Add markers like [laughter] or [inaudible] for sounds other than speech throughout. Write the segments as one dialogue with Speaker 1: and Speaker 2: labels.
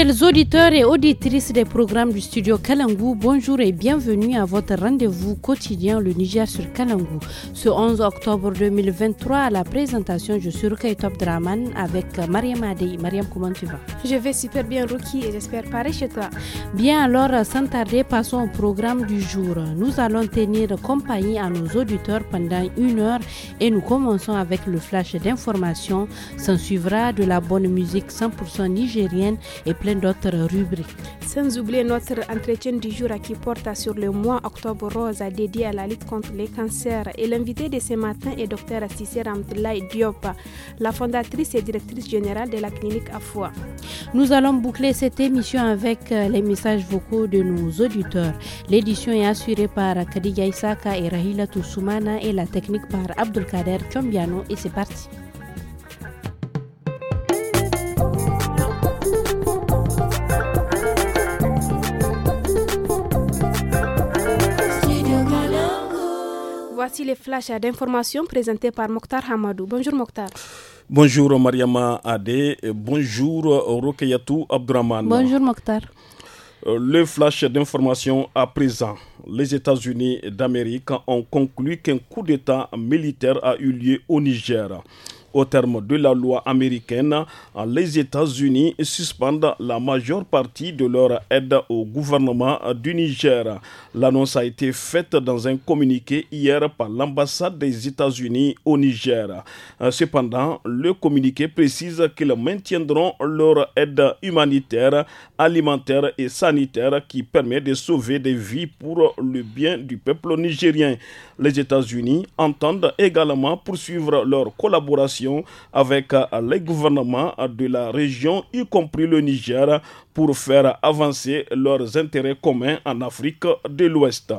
Speaker 1: Fidèles auditeurs et auditrices des programmes du studio Kalangu, bonjour et bienvenue à votre rendez-vous quotidien Le Niger sur Kalangu. Ce 11 octobre 2023, à la présentation, je suis Rukai Top Draman avec Mariam Adey. Mariam, comment tu vas
Speaker 2: Je vais super bien, Ruki, et j'espère pareil chez toi.
Speaker 1: Bien, alors, sans tarder, passons au programme du jour. Nous allons tenir compagnie à nos auditeurs pendant une heure et nous commençons avec le flash d'information. S'en suivra de la bonne musique 100% nigérienne et plein d'autres rubriques.
Speaker 2: Sans oublier notre entretien du jour qui porte sur le mois octobre rose dédié à la lutte contre les cancers. Et l'invité de ce matin est Docteur Assisser Amdoulaye Diop, la fondatrice et directrice générale de la clinique AFOA. Nous allons boucler
Speaker 1: cette émission avec euh, les messages vocaux de nos auditeurs. L'édition est assurée par Kadiga Isaka et Rahila Toussoumana et la technique par Abdulkader Kambiano. Et c'est parti.
Speaker 2: voici les flashs d'informations présentés par Mokhtar Hamadou. Bonjour Mokhtar.
Speaker 3: Bonjour Mariama Adé. Bonjour Rokeyatou Abdraman. Bonjour Mokhtar. Euh, le flash d'information à présent. Les États-Unis d'Amérique ont conclu qu'un coup d'État militaire a eu lieu au Niger. Au terme de la loi américaine, euh, les États-Unis suspendent la majeure partie de leur aide au gouvernement du Niger. L'annonce a été faite dans un communiqué hier par l'ambassade des États-Unis au Niger. Euh, cependant, le communiqué précise qu'ils maintiendront leur aide humanitaire, alimentaire et sanitaire qui permet de sauver des vies pour le bien du peuple nigérien. Les États-Unis entendent également poursuivre leur collaboration avec euh, les gouvernements de la région, y compris le Niger, pour faire avancer leurs intérêts communs en Afrique de l'Ouest.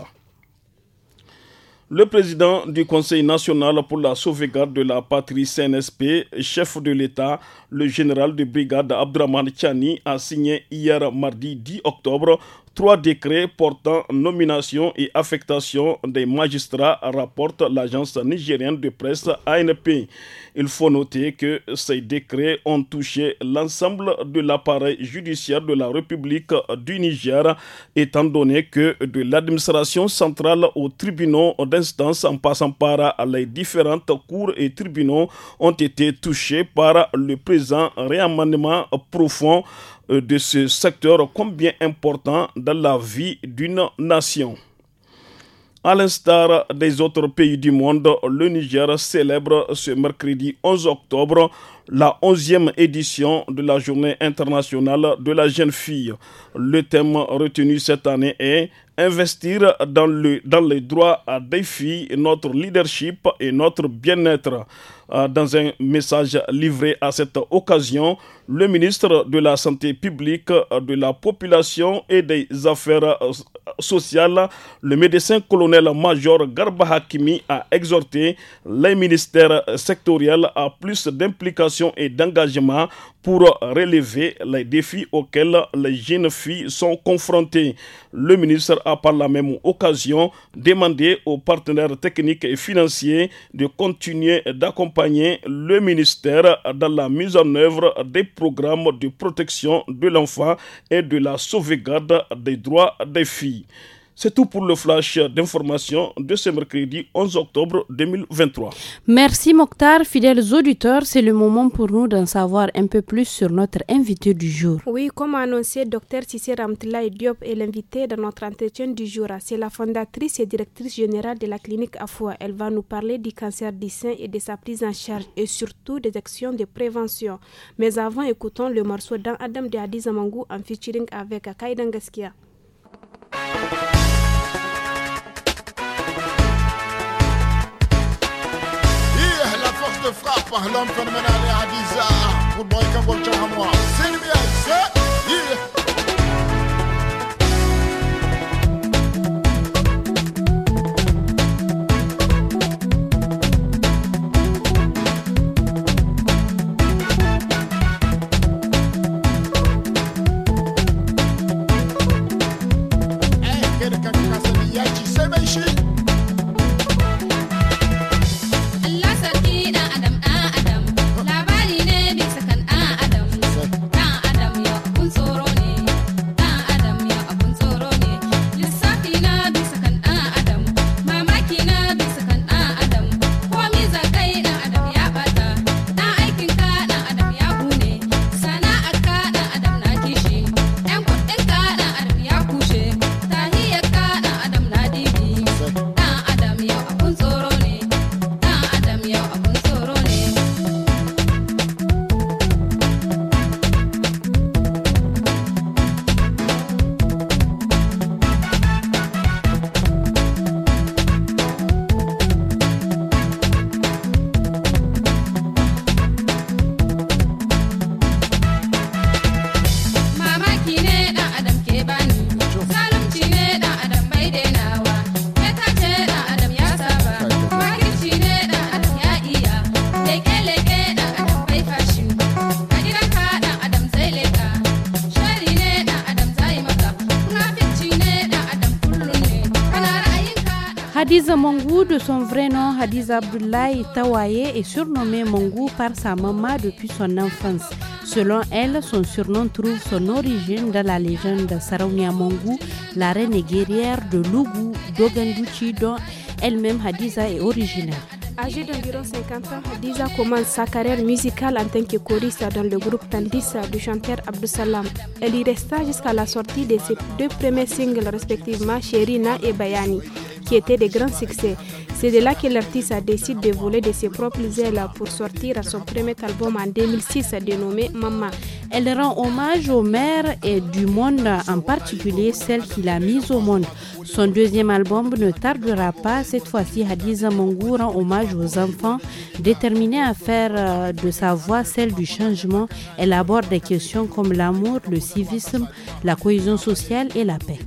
Speaker 3: Le président du Conseil national pour la sauvegarde de la patrie CNSP, chef de l'État, le général de brigade Abdraman Chani, a signé hier mardi 10 octobre Trois décrets portant nomination et affectation des magistrats rapporte l'agence nigérienne de presse ANP. Il faut noter que ces décrets ont touché l'ensemble de l'appareil judiciaire de la République du Niger, étant donné que de l'administration centrale aux tribunaux d'instance en passant par les différentes cours et tribunaux ont été touchés par le présent réamendement profond euh, de ce secteur combien important dans la vie d'une nation. À l'instar des autres pays du monde, le Niger célèbre ce mercredi 11 octobre la 11e édition de la Journée internationale de la jeune fille. Le thème retenu cette année est Investir dans, le, dans les droits des filles, notre leadership et notre bien-être. Euh, dans un message livré à cette occasion, le ministre de la Santé publique, euh, de la Population et des Affaires euh, sociales, le médecin colonel-major Garba Hakimi a exhorté les ministères sectoriels à plus d'implication et d'engagement pour relever les défis auxquels les jeunes filles sont confrontées. Le ministre a par la même occasion demandé aux partenaires techniques et financiers de continuer d'accompagner le ministère dans la mise en œuvre des programmes de protection de l'enfant et de la sauvegarde des droits des filles. C'est tout pour le flash d'information de ce mercredi 11 octobre 2023.
Speaker 1: Merci Mokhtar, fidèles auditeurs. C'est le moment pour nous d'en savoir un peu plus sur notre invité du jour.
Speaker 3: Oui,
Speaker 2: comme annoncé, Dr Sissé Ramtila Diop est l'invité dans notre entretien du jour. C'est la fondatrice et directrice générale de la clinique Afoua. Elle va nous parler du cancer du sein et de sa prise en charge et surtout des actions de prévention. Mais avant, écoutons le morceau d'Adam de Hadiza en featuring avec Akaidan Gaskia.
Speaker 3: de frappe, l'homme phénoménal et Adiza, pour le break un bon chat à moi. C'est le bien, c'est.
Speaker 1: vrai nom, Hadiza Abdullahi Tawaye est surnommé Mangou par sa maman depuis son enfance. Selon elle, son surnom trouve son origine dans la légende Saraunia Mangou, la reine guerrière de Lugu, d'Oganduchi,
Speaker 2: dont elle-même Hadiza est originaire. Âgée d'environ 50 ans, Hadiza commence sa carrière musicale en tant que choriste dans le groupe tandis du chanteur Abdusalam. Elle y resta jusqu'à la sortie de ses deux premiers singles respectivement, Sherina et Bayani qui des grands succès. C'est de là que l'artiste a décidé de voler de ses propres ailes pour sortir à son premier album en 2006 dénommé Mama. Elle rend hommage aux mères
Speaker 1: et du monde, en particulier celle qui l'a mise au monde. Son deuxième album ne tardera pas. Cette fois-ci, Hadiza Mongou rend hommage aux enfants. déterminés à faire euh, de sa voix celle du changement, elle aborde des questions comme l'amour, le civisme, la cohésion sociale et la paix.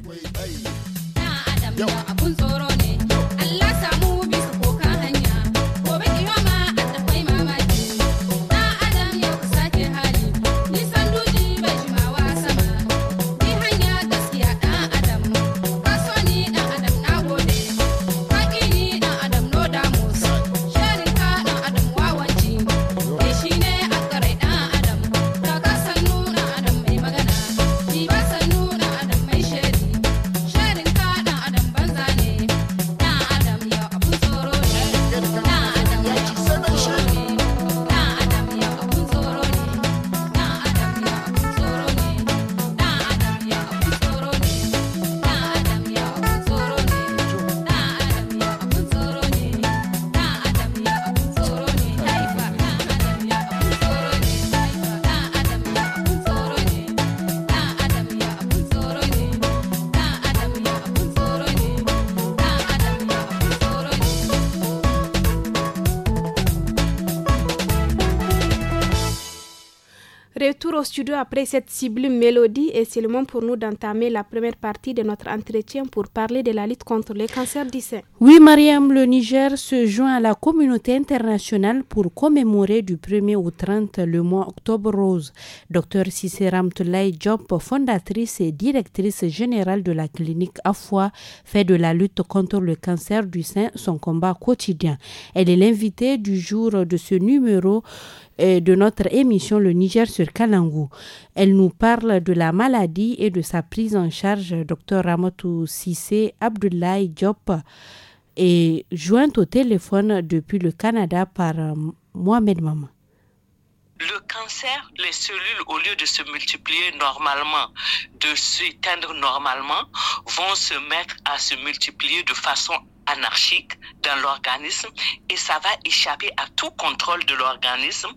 Speaker 2: après cette cible mélodie le moment pour nous d'entamer la première partie de notre entretien pour parler de la lutte contre le cancer du sein.
Speaker 1: Oui, Mariam, le Niger se joint à la communauté internationale pour commémorer du 1er au 30 le mois octobre rose. Docteur Cicéram Toulay Job, fondatrice et directrice générale de la clinique AFOA, fait de la lutte contre le cancer du sein son combat quotidien. Elle est l'invitée du jour de ce numéro de notre émission Le Niger sur Kalangou. Elle nous parle de la maladie et de sa prise en charge. Dr Ramotou Sissé Abdoulaye Diop est jointe au téléphone depuis le Canada par euh, Mohamed Maman.
Speaker 4: Le cancer, les cellules, au lieu de se multiplier normalement, de s'éteindre normalement, vont se mettre à se multiplier de façon anarchique dans l'organisme et ça va échapper à tout contrôle de l'organisme.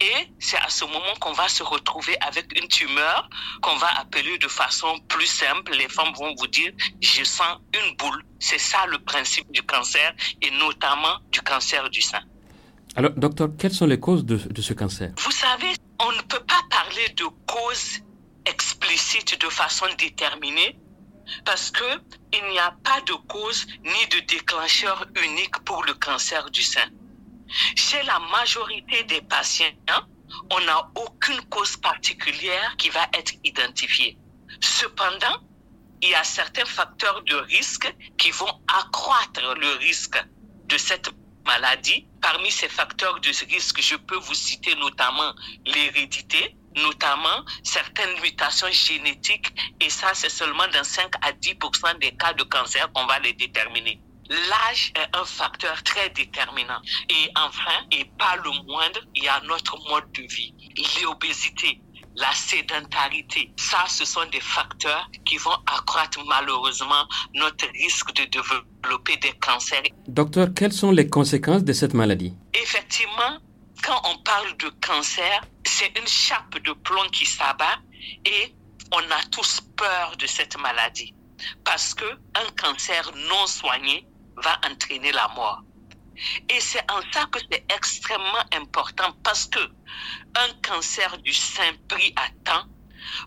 Speaker 4: Et c'est à ce moment qu'on va se retrouver avec une tumeur qu'on va appeler de façon plus simple. Les femmes vont vous dire, je sens une boule. C'est ça le principe du cancer et notamment du cancer du sein.
Speaker 5: Alors, docteur, quelles sont les causes de, de ce cancer
Speaker 4: Vous savez, on ne peut pas parler de causes explicites de façon déterminée parce que il n'y a pas de cause ni de déclencheur unique pour le cancer du sein. Chez la majorité des patients, on n'a aucune cause particulière qui va être identifiée. Cependant, il y a certains facteurs de risque qui vont accroître le risque de cette maladie. Parmi ces facteurs de risque, je peux vous citer notamment l'hérédité, notamment certaines mutations génétiques, et ça, c'est seulement dans 5 à 10 des cas de cancer qu'on va les déterminer. L'âge est un facteur très déterminant. Et enfin, et pas le moindre, il y a notre mode de vie. L'obésité, la sédentarité, ça, ce sont des facteurs qui vont accroître malheureusement
Speaker 5: notre risque de développer des cancers. Docteur, quelles sont les conséquences de cette maladie Effectivement, quand on parle de cancer,
Speaker 4: c'est une chape de plomb qui s'abat et on a tous peur de cette maladie parce que un cancer non soigné va entraîner la mort. Et c'est en ça que c'est extrêmement important parce que un cancer du sein pris à temps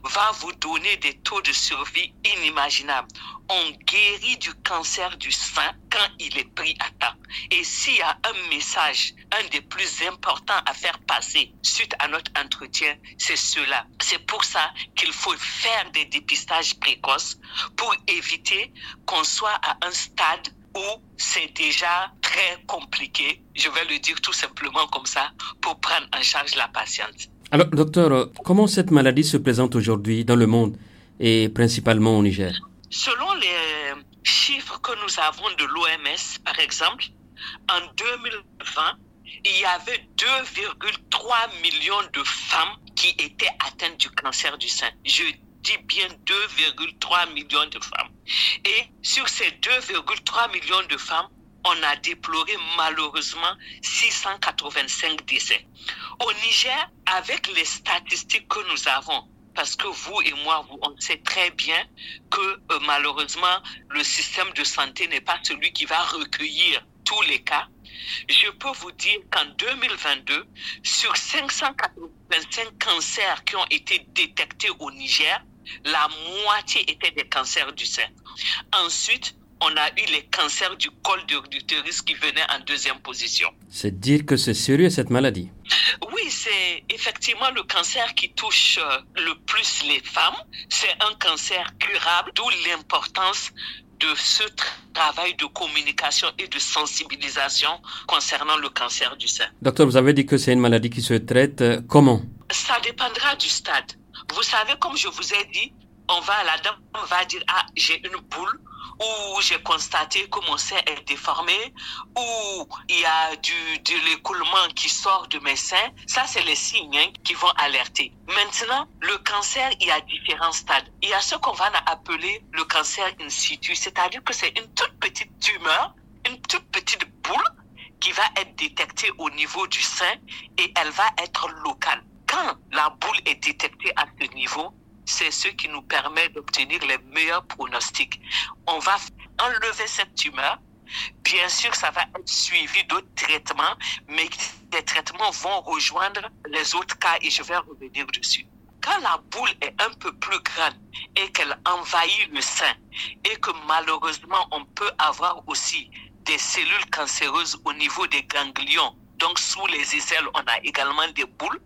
Speaker 4: va vous donner des taux de survie inimaginables. On guérit du cancer du sein quand il est pris à temps. Et s'il y a un message, un des plus importants à faire passer suite à notre entretien, c'est cela. C'est pour ça qu'il faut faire des dépistages précoces pour éviter qu'on soit à un stade où c'est déjà très compliqué, je vais le dire
Speaker 5: tout simplement comme ça, pour prendre en charge la patiente. Alors, docteur, comment cette maladie se présente aujourd'hui dans le monde et principalement au Niger Selon les chiffres que nous avons de l'OMS, par
Speaker 4: exemple, en 2020, il y avait 2,3 millions de femmes qui étaient atteintes du cancer du sein. Je dis bien 2,3 millions de femmes. Et sur ces 2,3 millions de femmes, on a déploré malheureusement 685 décès. Au Niger, avec les statistiques que nous avons, parce que vous et moi, vous, on sait très bien que euh, malheureusement, le système de santé n'est pas celui qui va recueillir tous les cas. Je peux vous dire qu'en 2022, sur 585 cancers qui ont été détectés au Niger, la moitié étaient des cancers du sein. Ensuite, on a eu les cancers du col du l'utérus qui
Speaker 5: venaient en deuxième position. C'est dire que c'est sérieux cette maladie. Oui, c'est effectivement le cancer
Speaker 4: qui touche euh, le plus les femmes. C'est un cancer curable, d'où l'importance de ce travail
Speaker 5: de communication et de sensibilisation concernant le cancer du sein. Docteur, vous avez dit que c'est une maladie qui se traite euh, comment Ça dépendra du stade.
Speaker 4: Vous savez, comme je vous ai dit, on va la dame on va dire, ah, j'ai une boule, ou j'ai constaté que mon sein est déformé, ou il y a du, de l'écoulement qui sort de mes seins. Ça, c'est les signes hein, qui vont alerter. Maintenant, le cancer, il y a différents stades. Il y a ce qu'on va appeler le cancer in situ, c'est-à-dire que c'est une toute petite tumeur, une toute petite boule qui va être détectée au niveau du sein et elle va être locale. Quand la boule est détectée à ce niveau, c'est ce qui nous permet d'obtenir les meilleurs pronostics. On va enlever cette tumeur. Bien sûr, ça va être suivi d'autres traitements, mais des traitements vont rejoindre les autres cas et je vais revenir dessus. Quand la boule est un peu plus grande et qu'elle envahit le sein et que malheureusement on peut avoir aussi des cellules cancéreuses au niveau des ganglions donc sous les aisselles, on a également des boules.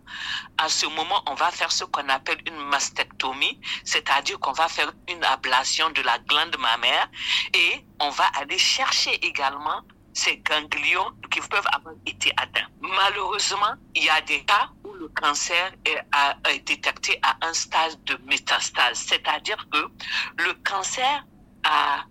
Speaker 4: À ce moment, on va faire ce qu'on appelle une mastectomie, c'est-à-dire qu'on va faire une ablation de la glande mammaire et on va aller chercher également ces ganglions qui peuvent avoir été atteints. Malheureusement, il y a des cas où le cancer est, est détecté à un stade de métastase, c'est-à-dire que le cancer a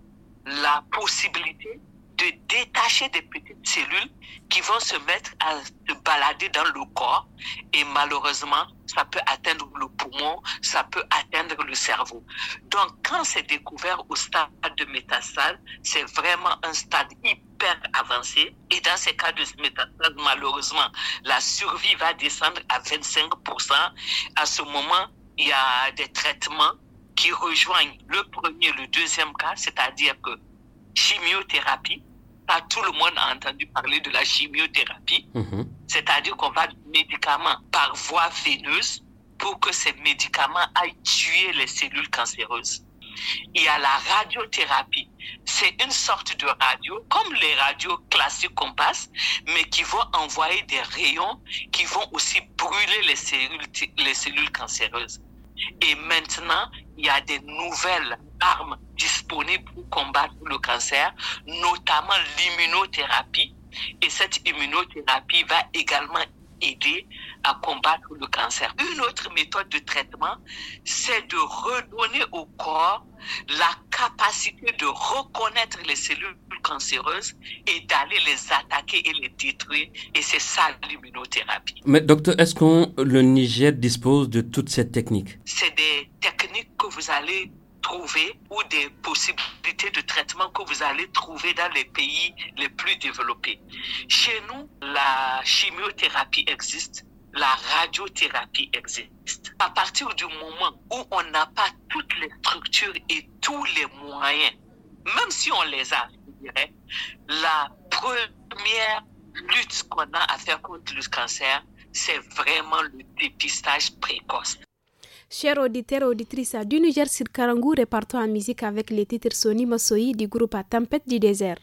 Speaker 4: la possibilité de détacher des petites cellules qui vont se mettre à se balader dans le corps et malheureusement, ça peut atteindre le poumon, ça peut atteindre le cerveau. Donc, quand c'est découvert au stade de métastase, c'est vraiment un stade hyper avancé. Et dans ces cas de métastase, malheureusement, la survie va descendre à 25%. À ce moment, il y a des traitements qui rejoignent le premier le deuxième cas, c'est-à-dire que chimiothérapie. Pas tout le monde a entendu parler de la chimiothérapie, mhm. c'est-à-dire qu'on va médicaments par voie veineuse pour que ces médicaments aillent tuer les cellules cancéreuses. Il y a la radiothérapie. C'est une sorte de radio, comme les radios classiques qu'on passe, mais qui vont envoyer des rayons qui vont aussi brûler les cellules, les cellules cancéreuses. Et maintenant, il y a des nouvelles armes disponibles pour combattre le cancer, notamment l'immunothérapie. Et cette immunothérapie va également aider à combattre le cancer. Une autre méthode de traitement, c'est de redonner au corps la capacité de reconnaître les cellules cancéreuses et d'aller les attaquer et les détruire. Et c'est ça l'immunothérapie.
Speaker 5: Mais docteur, est-ce que le Niger dispose de toutes ces techniques C'est des techniques que vous allez trouver ou
Speaker 4: des possibilités de traitement que vous allez trouver dans les pays les plus développés. Chez nous, la chimiothérapie existe, la radiothérapie existe. À partir du moment où on n'a pas toutes les structures et tous les moyens, même si on les a, la première lutte qu'on a à faire contre le cancer, c'est vraiment le dépistage précoce.
Speaker 2: Chers auditeurs et auditrices du Niger sur Karangou, repartons en musique avec les titres Sony Mossoï du groupe Tempête du désert.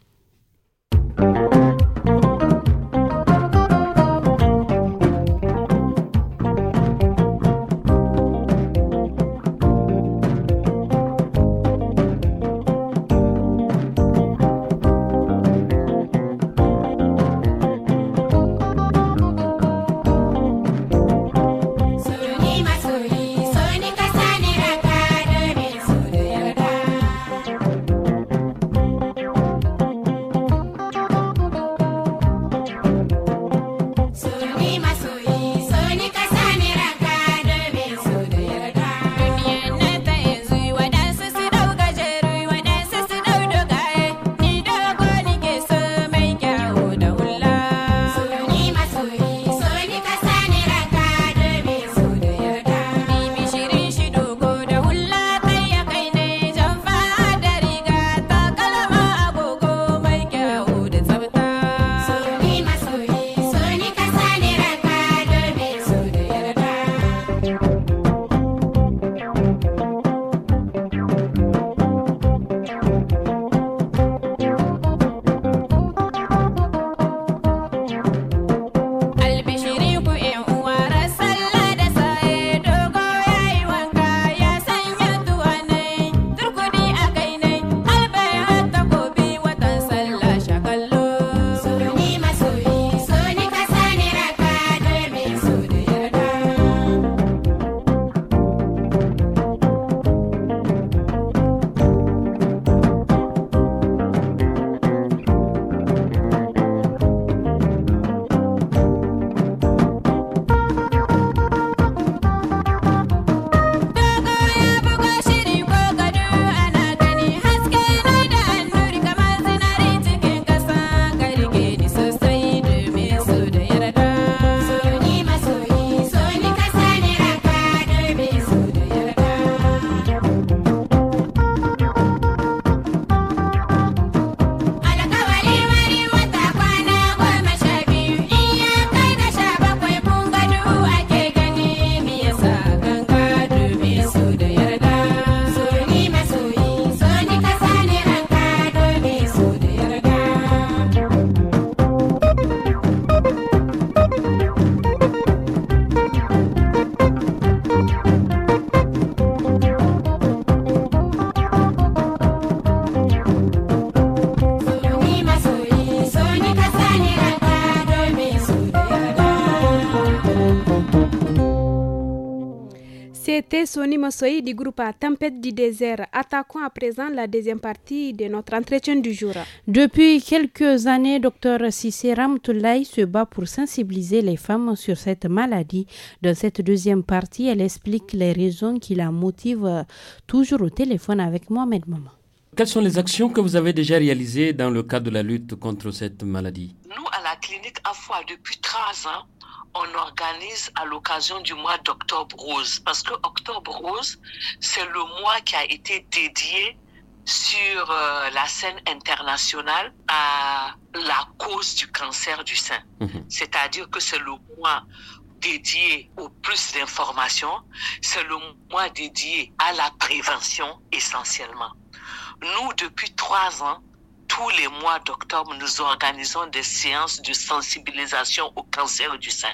Speaker 2: C'était Sony du groupe Tempête du désert. Attaquons à présent la deuxième partie de notre entretien du jour. Depuis
Speaker 1: quelques années, Dr Sissé Ramtoulaye se bat pour sensibiliser les femmes sur cette maladie. Dans cette deuxième partie, elle explique les raisons qui la motivent toujours au téléphone avec Mohamed Maman.
Speaker 5: Quelles sont les actions que vous avez déjà réalisées dans le cadre de la lutte contre cette maladie Nous, à la clinique AFOA, depuis
Speaker 4: 13 ans, on organise à l'occasion du mois d'octobre rose. Parce que octobre rose, c'est le mois qui a été dédié sur euh, la scène internationale à la cause du cancer du sein. Mhm. C'est-à-dire que c'est le mois dédié au plus d'informations, c'est le mois dédié à la prévention essentiellement. Nous, depuis trois ans, tous les mois d'octobre, nous organisons des séances de sensibilisation au cancer du sein.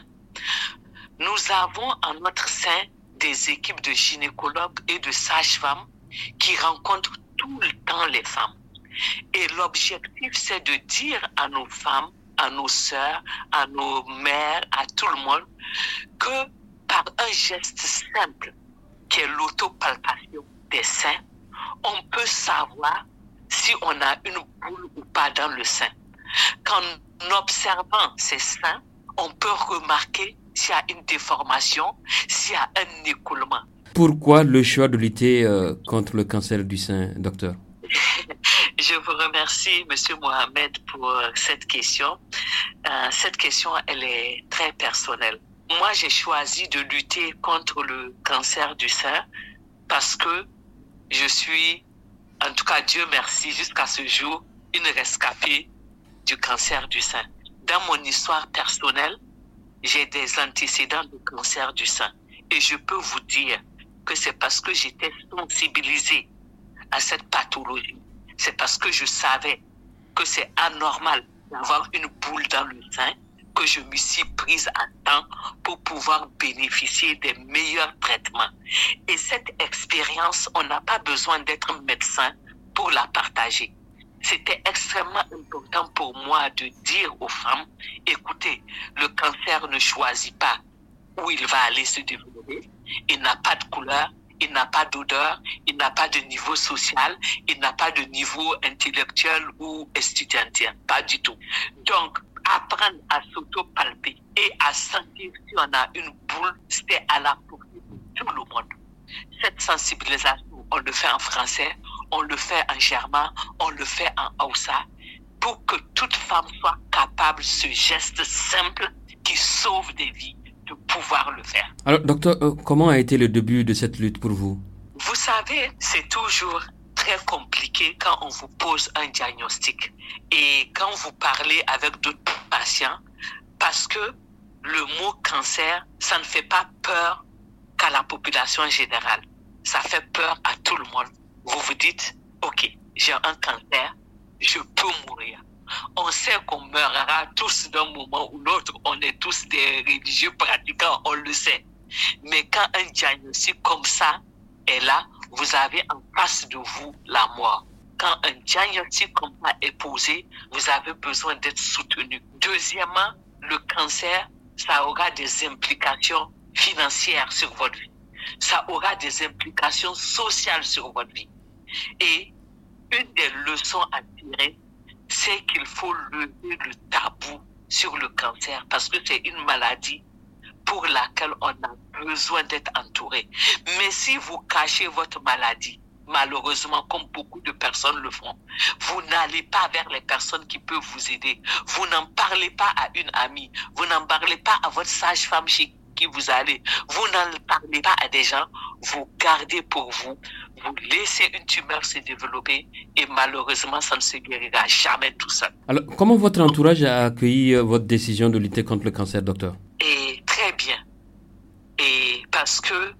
Speaker 4: Nous avons en notre sein des équipes de gynécologues et de sages-femmes qui rencontrent tout le temps les femmes. Et l'objectif, c'est de dire à nos femmes, à nos sœurs, à nos mères, à tout le monde, que par un geste simple, qui est l'autopalpation des seins, on peut savoir si on a une boule ou pas dans le sein. En observant ces seins, on peut
Speaker 5: remarquer s'il y a une déformation, s'il y a un écoulement. Pourquoi le choix de lutter euh, contre le cancer du sein, docteur [laughs] Je vous
Speaker 4: remercie, Monsieur Mohamed, pour euh, cette question. Euh, cette question, elle est très personnelle. Moi, j'ai choisi de lutter contre le cancer du sein parce que je suis en tout cas, Dieu merci, jusqu'à ce jour, une rescapée du cancer du sein. Dans mon histoire personnelle, j'ai des antécédents de cancer du sein. Et je peux vous dire que c'est parce que j'étais sensibilisée à cette pathologie. C'est parce que je savais que c'est anormal d'avoir une boule dans le sein que je me suis prise à temps pour pouvoir bénéficier des meilleurs traitements. Et cette expérience, on n'a pas besoin d'être médecin pour la partager. C'était extrêmement important pour moi de dire aux femmes, écoutez, le cancer ne choisit pas où il va aller se développer. Il n'a pas de couleur, il n'a pas d'odeur, il n'a pas de niveau social, il n'a pas de niveau intellectuel ou étudiantien, pas du tout. Donc, apprendre à s'auto-palper et à sentir si on a une boule, c'était à la portée de tout le monde. Cette sensibilisation, on le fait en français, on le fait en germain, on le fait en haussa, pour que toute femme soit capable, ce geste simple
Speaker 5: qui sauve des vies, de pouvoir le faire. Alors, docteur, euh, comment a été le début de cette lutte pour vous Vous
Speaker 4: savez, c'est toujours compliqué quand on vous pose un diagnostic et quand vous parlez avec d'autres patients parce que le mot cancer, ça ne fait pas peur qu'à la population générale. Ça fait peur à tout le monde. Vous vous dites, OK, j'ai un cancer, je peux mourir. On sait qu'on meurra tous d'un moment ou l'autre. On est tous des religieux pratiquants, on le sait. Mais quand un diagnostic comme ça est là, vous avez en face de vous la mort. Quand un diagnostic comme ça est posé, vous avez besoin d'être soutenu. Deuxièmement, le cancer, ça aura des implications financières sur votre vie. Ça aura des implications sociales sur votre vie. Et une des leçons à tirer, c'est qu'il faut lever le tabou sur le cancer parce que c'est une maladie pour laquelle on a besoin d'être entouré. Mais si vous cachez votre maladie, malheureusement, comme beaucoup de personnes le font, vous n'allez pas vers les personnes qui peuvent vous aider. Vous n'en parlez pas à une amie. Vous n'en parlez pas à votre sage-femme chez qui vous allez. Vous n'en parlez pas à des gens. Vous gardez pour vous. Vous laissez une tumeur se développer et malheureusement, ça ne se guérira jamais tout
Speaker 5: seul. Alors, comment votre entourage a accueilli euh, votre décision de lutter contre le cancer, docteur et très bien.
Speaker 4: Et parce que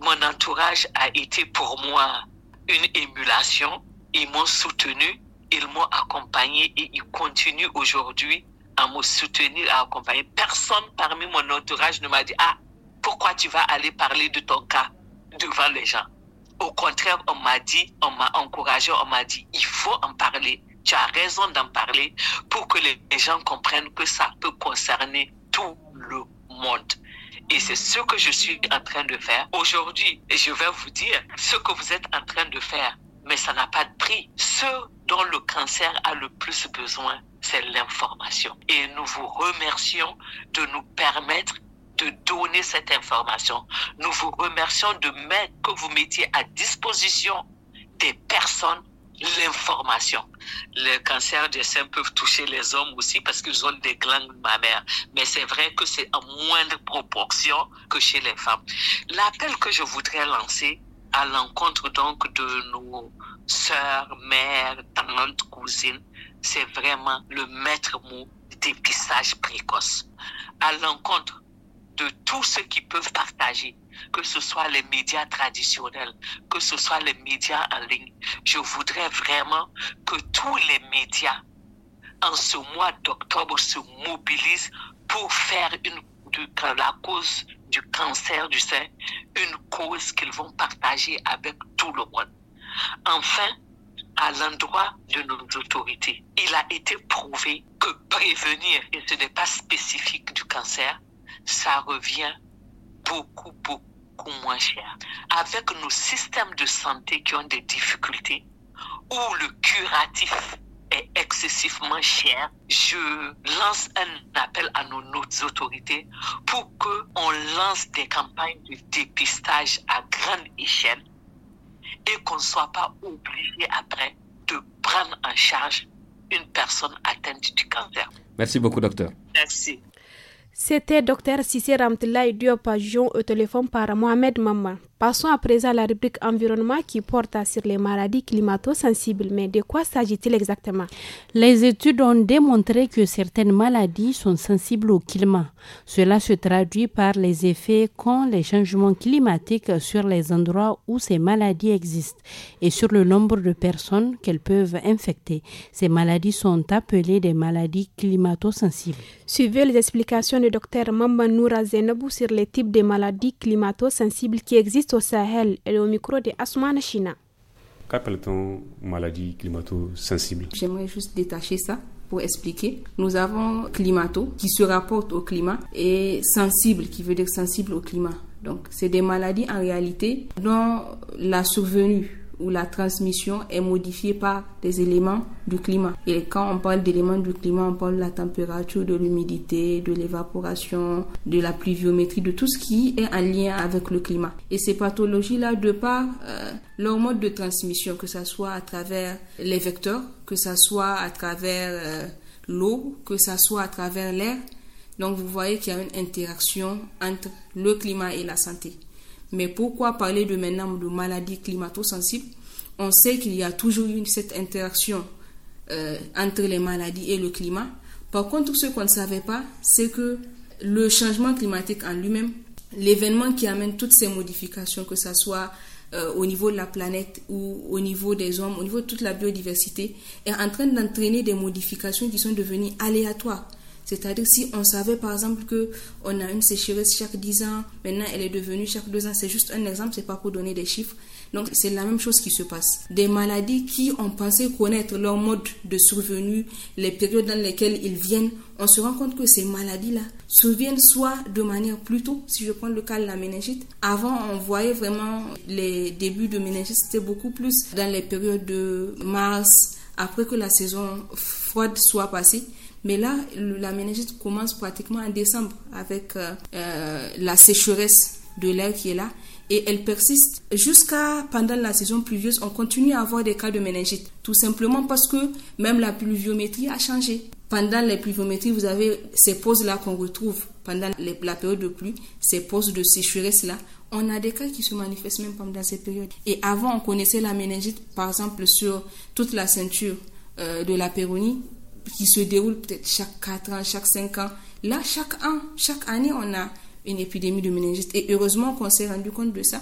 Speaker 4: mon entourage a été pour moi une émulation. Ils m'ont soutenu, ils m'ont accompagné et ils continuent aujourd'hui à me soutenir, à accompagner. Personne parmi mon entourage ne m'a dit, ah, pourquoi tu vas aller parler de ton cas devant les gens Au contraire, on m'a dit, on m'a encouragé, on m'a dit, il faut en parler. Tu as raison d'en parler pour que les gens comprennent que ça peut concerner tout monde. Et c'est ce que je suis en train de faire. Aujourd'hui, Et je vais vous dire ce que vous êtes en train de faire, mais ça n'a pas de prix. Ce dont le cancer a le plus besoin, c'est l'information. Et nous vous remercions de nous permettre de donner cette information. Nous vous remercions de mettre que vous mettiez à disposition des personnes l'information. Le cancer des seins peuvent toucher les hommes aussi parce qu'ils ont des glandes mammaires. Mais c'est vrai que c'est en moindre proportion que chez les femmes. L'appel que je voudrais lancer à l'encontre donc de nos sœurs, mères, tantes, cousines, c'est vraiment le maître mot dépistage précoce. À l'encontre de tous ceux qui peuvent partager que ce soit les médias traditionnels, que ce soit les médias en ligne. Je voudrais vraiment que tous les médias en ce mois d'octobre se mobilisent pour faire une, de, la cause du cancer du sein une cause qu'ils vont partager avec tout le monde. Enfin, à l'endroit de nos autorités, il a été prouvé que prévenir, et ce n'est pas spécifique du cancer, ça revient beaucoup, beaucoup moins cher. Avec nos systèmes de santé qui ont des difficultés, où le curatif est excessivement cher, je lance un appel à nos, nos autorités pour qu'on lance des campagnes de dépistage à grande échelle et qu'on ne soit pas obligé après de prendre en charge une personne atteinte du cancer.
Speaker 5: Merci beaucoup, docteur. Merci.
Speaker 2: C'était docteur Cissé Ramtlaï Diop, au téléphone par Mohamed Maman. Passons à présent à la rubrique environnement qui porte sur les maladies climato-sensibles. Mais de quoi s'agit-il exactement Les études ont
Speaker 1: démontré que certaines maladies sont sensibles au climat. Cela se traduit par les effets qu'ont les changements climatiques sur les endroits où ces maladies existent et sur le nombre de personnes qu'elles peuvent infecter. Ces maladies sont appelées des maladies climato-sensibles.
Speaker 2: Suivez les explications du docteur Mamba Noura sur les types de maladies climato-sensibles qui existent au Sahel, et au micro de Asmana China.
Speaker 6: Qu'appelle-t-on maladie climato-sensible
Speaker 2: J'aimerais juste détacher ça pour
Speaker 7: expliquer. Nous avons climato qui se rapporte au climat et sensible qui veut dire sensible au climat. Donc c'est des maladies en réalité dont la survenue où la transmission est modifiée par des éléments du climat. Et quand on parle d'éléments du climat, on parle de la température, de l'humidité, de l'évaporation, de la pluviométrie, de tout ce qui est en lien avec le climat. Et ces pathologies-là, de par euh, leur mode de transmission, que ce soit à travers les vecteurs, que ce soit à travers euh, l'eau, que ce soit à travers l'air, donc vous voyez qu'il y a une interaction entre le climat et la santé. Mais pourquoi parler de maintenant de maladies climato-sensibles On sait qu'il y a toujours eu cette interaction euh, entre les maladies et le climat. Par contre, ce qu'on ne savait pas, c'est que le changement climatique en lui-même, l'événement qui amène toutes ces modifications, que ce soit euh, au niveau de la planète ou au niveau des hommes, au niveau de toute la biodiversité, est en train d'entraîner des modifications qui sont devenues aléatoires. C'est-à-dire si on savait par exemple que on a une sécheresse chaque 10 ans, maintenant elle est devenue chaque 2 ans, c'est juste un exemple, c'est pas pour donner des chiffres. Donc c'est la même chose qui se passe. Des maladies qui ont pensé connaître leur mode de survenue, les périodes dans lesquelles ils viennent, on se rend compte que ces maladies-là surviennent soit de manière plus tôt, si je prends le cas de la méningite. Avant, on voyait vraiment les débuts de méningite, c'était beaucoup plus dans les périodes de mars, après que la saison froide soit passée. Mais là, la méningite commence pratiquement en décembre avec euh, euh, la sécheresse de l'air qui est là et elle persiste jusqu'à pendant la saison pluvieuse. On continue à avoir des cas de méningite, tout simplement parce que même la pluviométrie a changé. Pendant les pluviométrie, vous avez ces pauses-là qu'on retrouve pendant les, la période de pluie, ces pauses de sécheresse-là. On a des cas qui se manifestent même pendant ces périodes. Et avant, on connaissait la méningite, par exemple, sur toute la ceinture euh, de la péronie qui se déroule peut-être chaque 4 ans, chaque 5 ans. Là, chaque an, chaque année, on a une épidémie de méningite. Et heureusement qu'on s'est rendu compte de ça.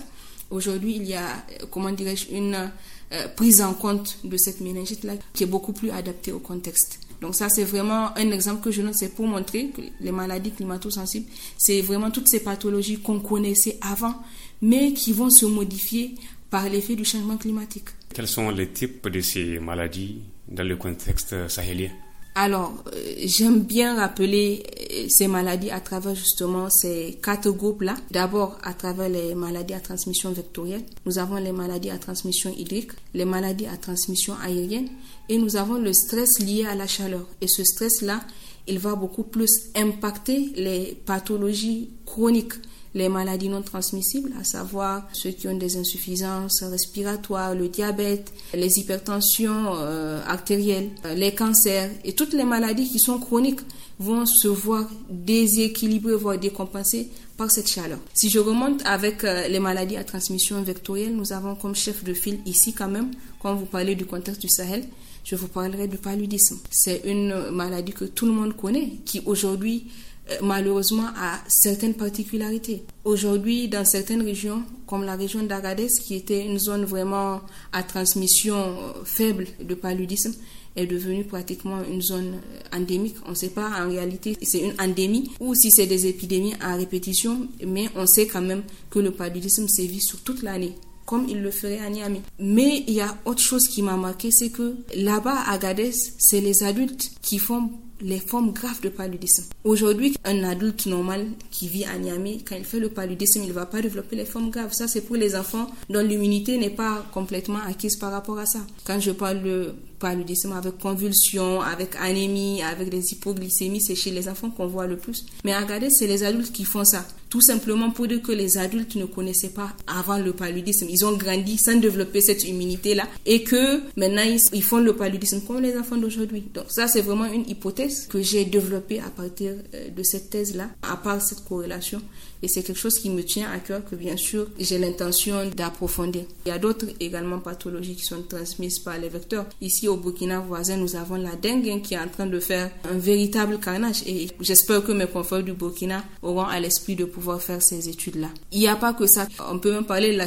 Speaker 7: Aujourd'hui, il y a, euh, comment dirais-je, une euh, prise en compte de cette méningite-là qui est beaucoup plus adaptée au contexte. Donc ça, c'est vraiment un exemple que je note, c'est pour montrer que les maladies climato-sensibles, c'est vraiment toutes ces pathologies qu'on connaissait avant, mais qui vont se modifier par l'effet du changement climatique.
Speaker 5: Quels sont les types de ces maladies dans le contexte sahélien
Speaker 7: alors, euh, j'aime bien rappeler euh, ces maladies à travers justement ces quatre groupes-là. D'abord, à travers les maladies à transmission vectorielle, nous avons les maladies à transmission hydrique, les maladies à transmission aérienne et nous avons le stress lié à la chaleur. Et ce stress-là, il va beaucoup plus impacter les pathologies chroniques les maladies non transmissibles, à savoir ceux qui ont des insuffisances respiratoires, le diabète, les hypertensions euh, artérielles, euh, les cancers et toutes les maladies qui sont chroniques vont se voir déséquilibrées, voire décompensées par cette chaleur. Si je remonte avec euh, les maladies à transmission vectorielle, nous avons comme chef de file ici quand même, quand vous parlez du contexte du Sahel, je vous parlerai du paludisme. C'est une maladie que tout le monde connaît, qui aujourd'hui euh, malheureusement à certaines particularités. Aujourd'hui, dans certaines régions, comme la région d'Agadez, qui était une zone vraiment à transmission euh, faible de paludisme, est devenue pratiquement une zone euh, endémique. On ne sait pas en réalité si c'est une endémie ou si c'est des épidémies à répétition, mais on sait quand même que le paludisme sévit sur toute l'année comme il le ferait à Niamey. Mais il y a autre chose qui m'a marqué, c'est que là-bas, à Agadez, c'est les adultes qui font les formes graves de paludisme. Aujourd'hui, un adulte normal qui vit à Niamey, quand il fait le paludisme, il ne va pas développer les formes graves. Ça, c'est pour les enfants dont l'immunité n'est pas complètement acquise par rapport à ça. Quand je parle de paludisme, avec convulsions, avec anémie, avec des hypoglycémies, c'est chez les enfants qu'on voit le plus. Mais regardez, c'est les adultes qui font ça. Tout simplement pour dire que les adultes ne connaissaient pas avant le paludisme. Ils ont grandi sans développer cette immunité-là et que maintenant ils font le paludisme comme les enfants d'aujourd'hui. Donc ça, c'est vraiment une hypothèse que j'ai développée à partir euh, de cette thèse-là, à part cette corrélation et c'est quelque chose qui me tient à cœur que bien sûr j'ai l'intention d'approfondir. Il y a d'autres également pathologies qui sont transmises par les vecteurs. Ici au Burkina voisin, nous avons la dengue qui est en train de faire un véritable carnage et j'espère que mes confrères du Burkina auront à l'esprit de pouvoir faire ces études-là. Il n'y a pas que ça. On peut même parler de la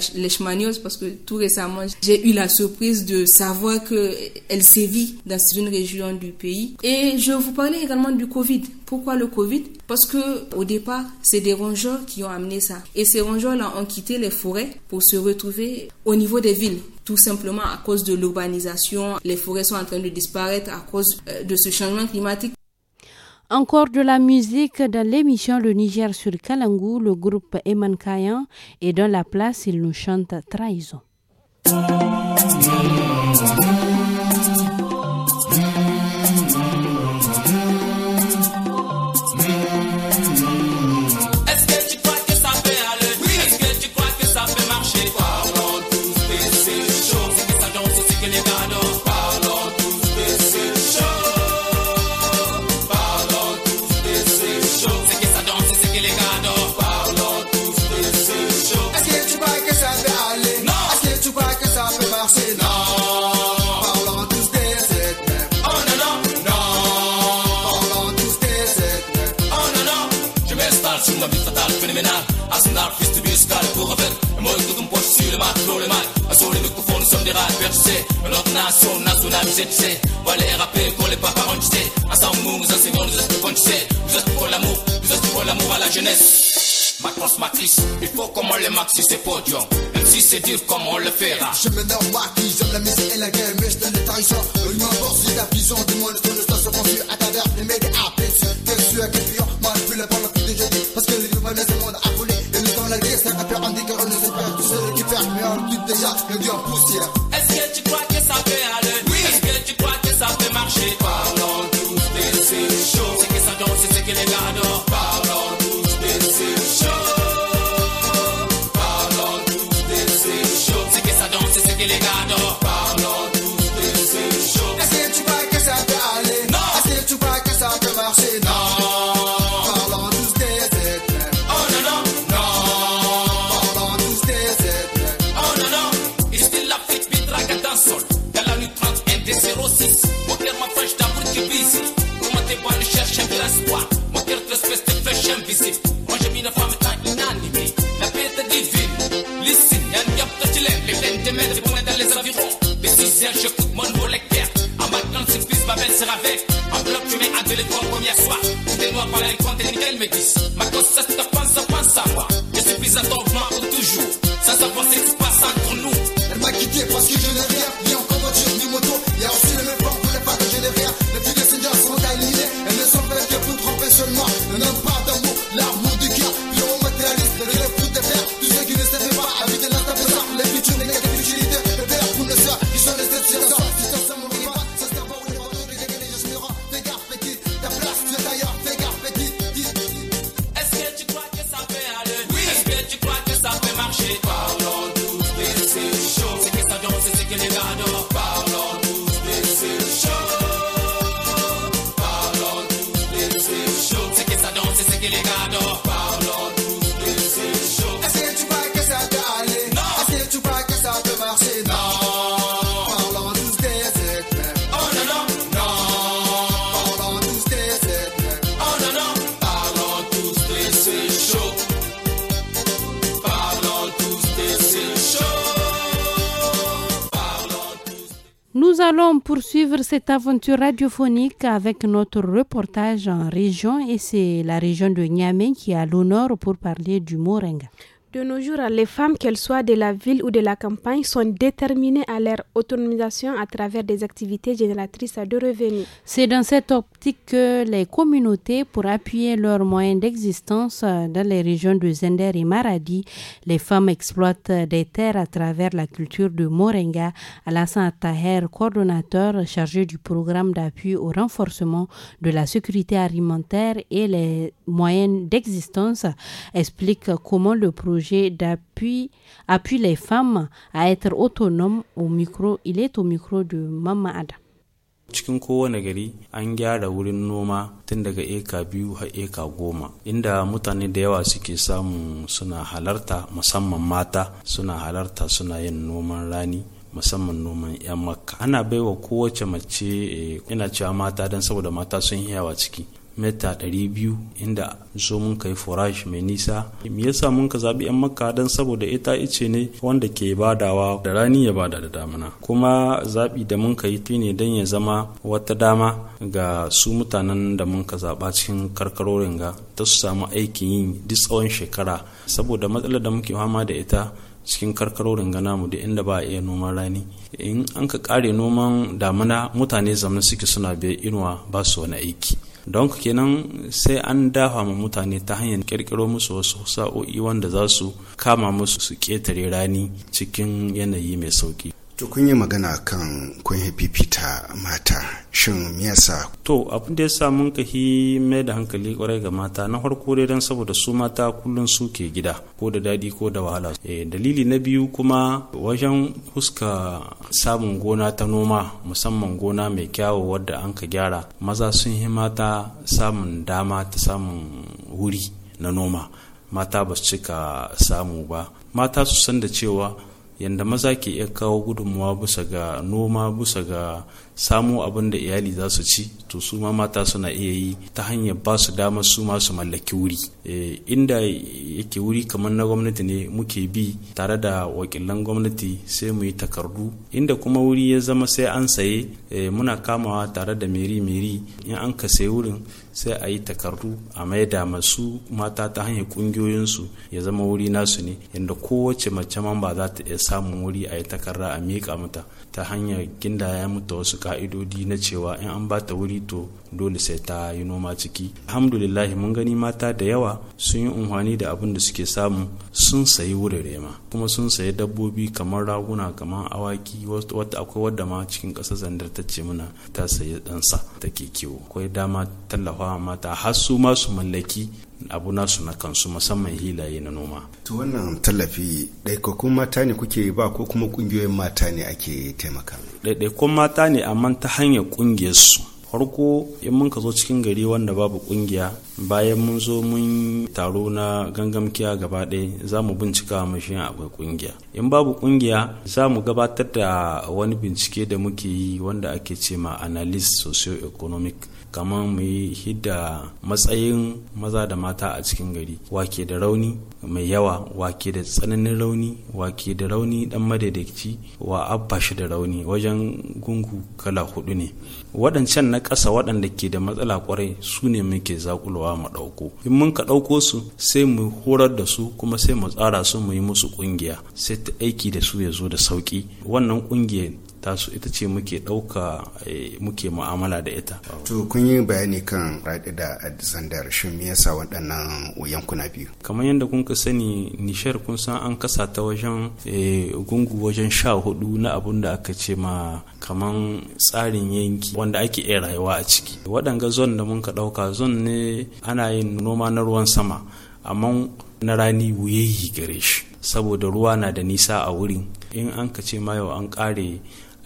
Speaker 7: parce que tout récemment, j'ai eu la surprise de savoir qu'elle sévit dans une région du pays. Et je vous parlais également du Covid. Pourquoi le Covid Parce que au départ, c'est des rongeurs qui ont amené ça. Et ces rongeurs-là ont quitté les forêts pour se retrouver au niveau des villes tout simplement à cause de l'urbanisation. Les forêts sont en train de disparaître à cause euh, de ce changement climatique.
Speaker 1: Encore de la musique dans l'émission Le Niger sur Kalangou, le groupe Eman Kayan, et dans la place, il nous chante Trahison.
Speaker 8: génération nationale, tu sais, tu Va les rapper pour les papas, tu sais. Ensemble, nous, nous enseignons, nous expliquons, pour sais. Nous pour l'amour, nous pour l'amour à la jeunesse. Ma transmatrice,
Speaker 9: il faut comment les max sur ces podiums. Même si c'est dur, comment on le fera. Je me donne ma qui, j'aime la musique et la game, mais je donne des tarifs. Le numéro c'est la vision du monde, ne le pas conçu à travers
Speaker 8: les médias. Qu'est-ce que tu as, qu'est-ce que tu as, manipulé par le Parce que les nouvelles de ce monde a volé. Et nous dans la guerre, c'est un rappeur, on ne sait pas. tout seul qui perd mais on quitte déjà, le dieu poussière ça fait aller Oui, est-ce que tu crois que ça peut marcher par Parlons misère, je coupe mon lecteur. En maintenant, c'est plus ma belle sera avec. En bloc, tu mets à deux les trois premières soirs. T'es noirs par la compte et nickel me disent. Ma gosse, ça te pense, pense à moi. Je suis plus à ton
Speaker 1: cette aventure radiophonique avec notre reportage en région et c'est la région de Niamey qui a l'honneur pour parler du Moringa.
Speaker 2: De nos jours, les femmes, qu'elles soient de la ville ou de la campagne, sont déterminées à leur autonomisation à travers des activités génératrices de revenus. C'est dans cette optique que
Speaker 1: les communautés, pour appuyer leurs moyens d'existence dans les régions de Zender et Maradi, les femmes exploitent des terres à travers la culture de Moringa. Alassane Taher, coordonnateur chargé du programme d'appui au renforcement de la sécurité alimentaire et les moyens d'existence, explique comment le projet projet d'appui appuie les femmes à être autonomes au micro. Il est au micro de Mama Ada.
Speaker 10: cikin kowane gari an gyara wurin noma tun daga eka biyu har eka goma inda mutane da yawa suke samu suna halarta musamman mata suna halarta suna yin noman rani musamman noman 'yan makka ana baiwa kowace mace eh, ina cewa mata don saboda mata sun yawa ciki mita 200 inda so mun kai forage mai nisa me yasa mun ka zabi yan makka dan saboda ita ice ne wanda ke badawa da rani ya bada da damina kuma zabi da mun kai ne dan ya zama wata dama ga su mutanen da mun ka zaba cikin karkarorin ga ta su samu aikin yin duk tsawon shekara saboda matsalar da muke fama da ita cikin karkarorin ringa namu da inda ba a iya noman rani in an ka kare noman damina mutane zamani suke suna bai inuwa ba su wani aiki don kenan sai an dafa ma mutane ta hanyar kirkiro musu wasu sa'o'i wanda za su kama musu su ketare rani cikin yanayi mai sauki To kun yi magana kan kun yi fifita mata shin me yasa? To abin da yasa mun kahi mai da hankali kwarai ga mata na farko dai dan saboda su mata kullum su ke gida ko da dadi ko da wahala. E, dalili na biyu kuma wajen huska samun gona ta noma musamman gona mai kyawu wadda an ka gyara maza sun yi mata samun dama ta samun wuri na noma mata ba su cika samu ba mata su san da cewa yadda maza ke iya kawo gudunmuwa bisa ga noma bisa ga samo abin da iyali za su ci to su ma mata suna iya yi ta hanyar ba su damar su ma su mallaki wuri eh, inda yake wuri kamar na gwamnati ne muke bi tare da wakilan gwamnati sai mu yi takardu inda kuma wuri ya zama sai an saye eh, muna kamawa tare da meri meri in an ka sayi wurin sai a yi takardu a da masu mata ta hanyar kungiyoyinsu ya zama wuri nasu ne inda kowace mace man ba za ta iya samun wuri a yi takarda a miƙa mata ta hanyar gindaya mata wasu ka'idodi na cewa in an bata wuri to dole sai ta yi noma ciki alhamdulillah mun gani mata da yawa sun yi unhwani da abin da suke samu sun sayi wurare ma kuma sun sayi dabbobi kamar raguna kamar awaki wata akwai wadda ma cikin ƙasar zandar ta ce muna ta sayi ɗansa ke kiwo akwai dama tallafa mata har su ma su mallaki abu nasu na kansu musamman hilaye na noma. To wannan tallafi ɗaikakun mata ne kuke ba ko kuma ƙungiyoyin mata ne ake taimaka? ɗaiɗaikun mata ne amma ta hanyar ƙungiyar su farko in mun ka zo cikin gari wanda babu ƙungiya bayan mun zo mun taro na gangamkiya gaba ɗaya za mu bincika mashin akwai ƙungiya in babu ƙungiya za mu gabatar da wani bincike da muke yi wanda ake ce ma analyst socio-economic kamar mu yi hidda matsayin maza da mata a cikin gari wake da rauni mai yawa wake da tsananin rauni wake da rauni dan madaidaici wa abba shi da rauni wajen gungu kala hudu ne waɗancan na ƙasa waɗanda ke da matsala kwarai su ne muke zakulawa mu ɗauko in mun ka ɗauko su sai mu horar da su kuma sai mu tsara su mu yi musu ƙungiya sai ta aiki da su ya zo da sauƙi wannan ƙungiyar tasu ita ce muke ɗauka eh, muke mu'amala da ita. To kun yi bayani kan
Speaker 9: raɗi da Alexander shin me yasa waɗannan yankuna biyu?
Speaker 10: Kamar yadda kun ka sani Nishar kun san an kasa ta wajen eh, gungu wajen sha hudu na abun da aka ce ma kaman tsarin yanki wanda ake iya rayuwa a ciki. Waɗanga zon da mun ka ɗauka zon ne ana yin noma na ruwan sama amma na rani wuyayi gare shi saboda ruwa na da nisa a wurin in an ka ce ma yau an ƙare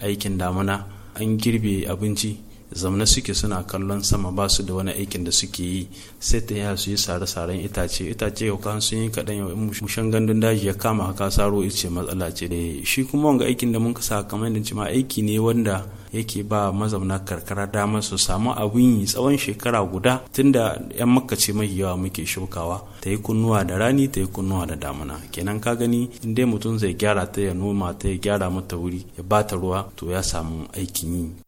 Speaker 10: aikin damuna an girbe abinci zamanin suke suna kallon sama ba su da wani aikin da suke yi sai ta yaya su yi sare-saren itace itace yau kan sun yi kaɗan yau mushan gandun daji ya kama haka saro ice matsala ce da shi kuma wanga aikin da muka sa kamar yadda ma aiki ne wanda yake ba mazauna karkara damar su samu abin yi tsawon shekara guda tunda yan makace mai yawa muke shukawa ta yi kunnuwa da rani ta yi kunnuwa da damuna kenan ka gani in dai mutum zai gyara ta ya noma ta ya gyara mata wuri ya bata ruwa to ya samu aikin yi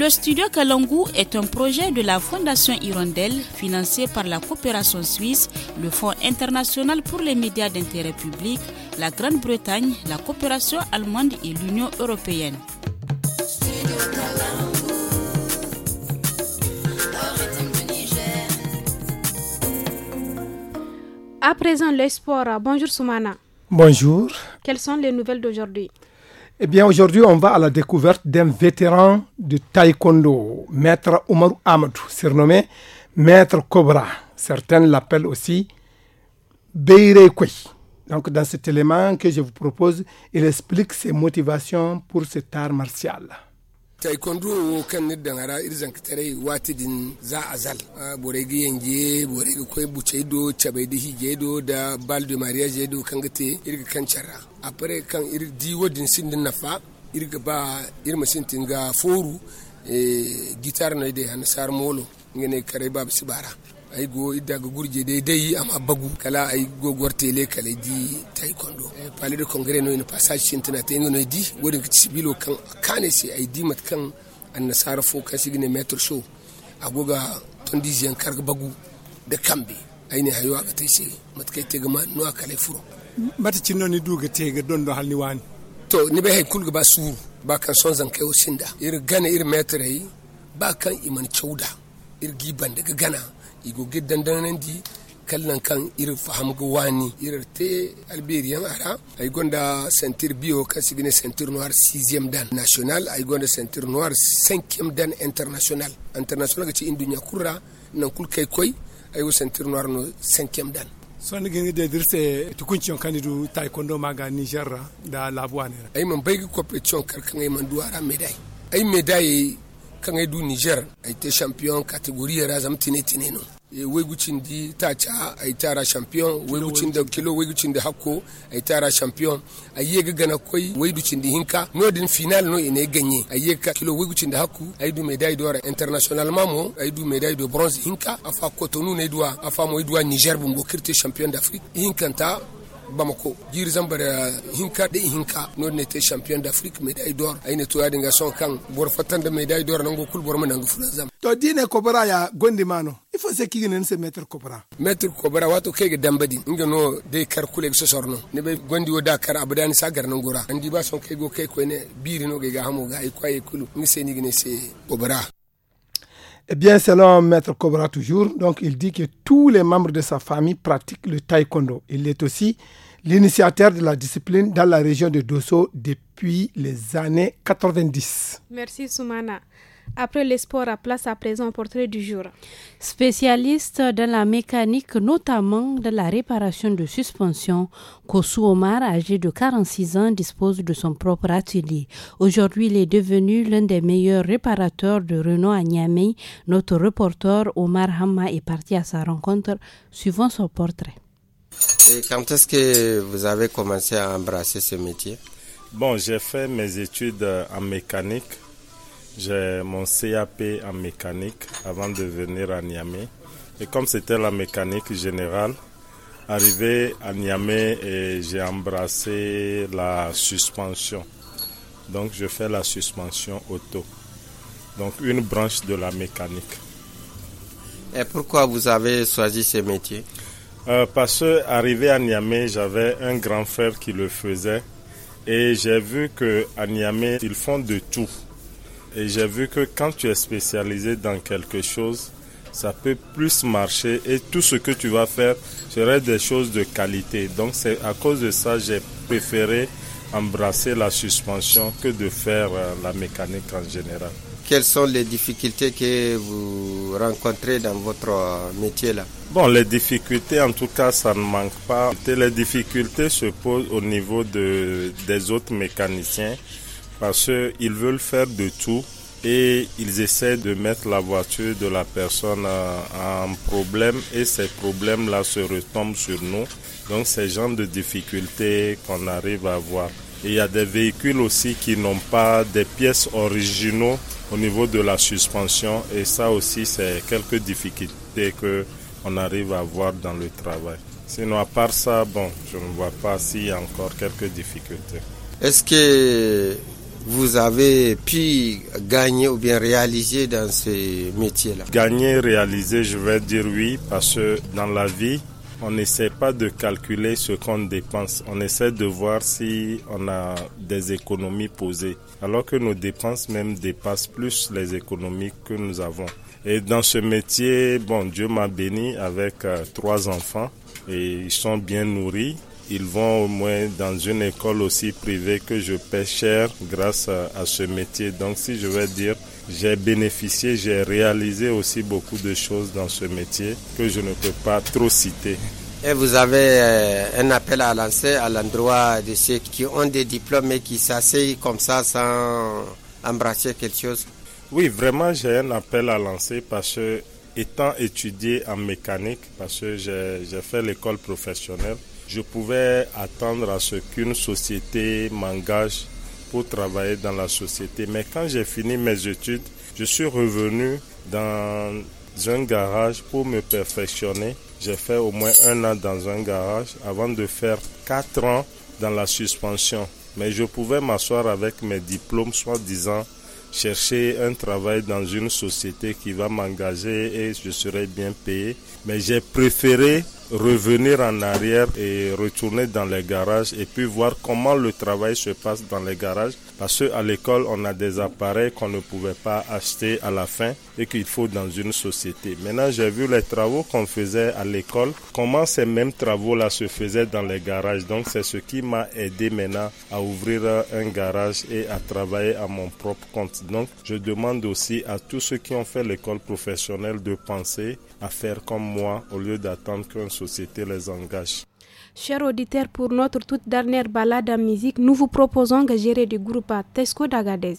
Speaker 7: Le studio Kalangu est un projet de la Fondation Hirondelle financé par la coopération suisse, le Fonds international pour les médias d'intérêt public, la Grande-Bretagne, la coopération allemande et l'Union européenne.
Speaker 2: À présent, l'espoir. Bonjour Soumana. Bonjour. Quelles sont les nouvelles d'aujourd'hui
Speaker 9: eh bien, aujourd'hui, on va à la découverte d'un vétéran du taekwondo, Maître Omar Amadou, surnommé Maître Cobra. Certains l'appellent aussi Beirekwe. Donc, dans cet élément que je vous propose, il explique ses motivations pour cet art martial. taekwondo kan ni dangara irzan kitare wati din za azal bore gi yenge bore gi koy buce do chabe di da bal de mariage do kan gate irga kan charra apre kan ir di din sin nafa irga ba irma sin tinga foru e gitar na de han sar molo ngene kare bab sibara ay go idda ga gurje dai dai amma bagu kala ay go gorte le kala di taekwondo eh, pale de congrès no ina passage cin te ta no di wodi kici bilo kan kane se ay di mat kan nasara fo ka signe metro show agoga tondijiyan karga bagu de kambe ay ne hayo te tace mat kay te gama no aka furo mata cin ni duga te ga don halni wani to ni bai hay kulga ba su ba kan son zan kai sinda ir gane ir metro yi ba kan iman chouda ir giban daga gana igo giddan di kallan kan irin fahamga wani irin te alberian ara yi gwanda sentir bio kan sigine sentir noir 6 dan national yi gwanda sentir noir 5 dan international international ga ci indunya kura nan kul kay koy ay wo sentir noir no 5e dan son gin da dirse tukuncion kanidu taekwondo maga nijar da labuane ay man baygi cewa karkan ay man duwara médaille ay médaille du niger aite champion categorie razam tine tine no e wegucin a tara champion wegucin da kilo wegucin hakko a été tara champion a yi gana koi di hinka no din final no ine a kilo wegucin da hakku a du médaille d'or international mamo a eu du médaille de bronze hinka afa kotonu ne afa mo niger bumbo champion d'afrique hinkanta bamako jiri zambara hinka de hinka no ne te champion d'afrique médaille d'or ay ne to yadinga son kan bor fatande médaille d'or nango kul bor manango fulan zam to dine kobara ya gondi mano ifo se kigi nen se maître kobara maître kobara wato kege dambadi inga no de kar kule so sorno ne be gondi o dakar abadani sagar nan gora andi ba son kego k'e ko ne biri no ge ga hamu ga ay ko ay kulu ni se ni ne se kobara Eh bien, selon Maître Cobra toujours, donc il dit que tous les membres de sa famille pratiquent le taekwondo. Il est aussi l'initiateur de la discipline dans la région de Dosso depuis les années 90.
Speaker 2: Merci Soumana. Après l'espoir à place à présent portrait du jour. Spécialiste dans la mécanique, notamment de la
Speaker 1: réparation de suspension, Kosu Omar, âgé de 46 ans, dispose de son propre atelier. Aujourd'hui, il est devenu l'un des meilleurs réparateurs de Renault à Niamey. Notre reporter Omar Hamma est parti à sa rencontre, suivant son portrait.
Speaker 6: Et quand est-ce que vous avez commencé à embrasser ce métier Bon, j'ai fait mes études en mécanique j'ai mon CAP en mécanique avant de venir à Niamey. Et comme c'était la mécanique générale, arrivé à Niamey, j'ai embrassé la suspension. Donc je fais la suspension auto. Donc une branche de la mécanique. Et pourquoi vous avez choisi ce métier euh, Parce que arrivé à Niamey, j'avais un grand frère qui le faisait. Et j'ai vu qu'à Niamey, ils font de tout. Et j'ai vu que quand tu es spécialisé dans quelque chose, ça peut plus marcher et tout ce que tu vas faire serait des choses de qualité. Donc c'est à cause de ça j'ai préféré embrasser la suspension que de faire euh, la mécanique en général. Quelles sont les difficultés que vous rencontrez dans votre euh, métier là Bon, les difficultés, en tout cas, ça ne manque pas. Les difficultés se posent au niveau des autres mécaniciens parce qu'ils veulent faire de tout et ils essaient de mettre la voiture de la personne en problème et ces problèmes-là se retombent sur nous. Donc c'est genre de difficultés qu'on arrive à voir. il y a des véhicules aussi qui n'ont pas des pièces originaux au niveau de la suspension et ça aussi c'est quelques difficultés que on arrive à voir dans le travail. Sinon à part ça, bon, je ne vois pas s'il y a encore quelques difficultés. Est-ce que vous avez pu gagner ou bien réaliser dans ce métier-là Gagner, réaliser, je vais dire oui, parce que dans la vie, on n'essaie pas de calculer ce qu'on dépense. On essaie de voir si on a des économies posées. Alors que nos dépenses même dépassent plus les économies que nous avons. Et dans ce métier, bon, Dieu m'a béni avec euh, trois enfants et ils sont bien nourris. Ils vont au moins dans une école aussi privée que je paie cher grâce à, ce métier. Donc si je veux dire, j'ai bénéficié, j'ai réalisé aussi beaucoup de choses dans ce métier que je ne peux pas trop citer. Et vous avez euh, un appel à lancer à l'endroit de ceux qui ont des diplômes et qui s'asseyent comme ça sans embrasser quelque chose Oui, vraiment, j'ai un appel à lancer parce que, étant étudié en mécanique, parce que j'ai fait l'école professionnelle, je pouvais attendre à ce qu'une société m'engage pour travailler dans la société. Mais quand j'ai fini mes études, je suis revenu dans un garage pour me perfectionner. J'ai fait au moins un an dans un garage avant de faire quatre ans dans la suspension. Mais je pouvais m'asseoir avec mes diplômes, soi-disant, chercher un travail dans une société qui va m'engager et je serai bien payé. Mais j'ai préféré revenir en arrière et retourner dans les garages et puis voir comment le travail se passe dans les garages. Parce qu'à l'école, on a des appareils qu'on ne pouvait pas acheter à la fin et qu'il faut dans une société. Maintenant, j'ai vu les travaux qu'on faisait à l'école, comment ces mêmes travaux-là se faisaient dans les garages. Donc, c'est ce qui m'a aidé maintenant à ouvrir un garage et à travailler à mon propre compte. Donc, je demande aussi à tous ceux qui ont fait l'école professionnelle de penser à faire comme moi au lieu d'attendre qu'un société les
Speaker 2: Chers auditeurs, pour notre toute dernière balade à musique, nous vous proposons de gérer du groupe Tesco d'Agadez.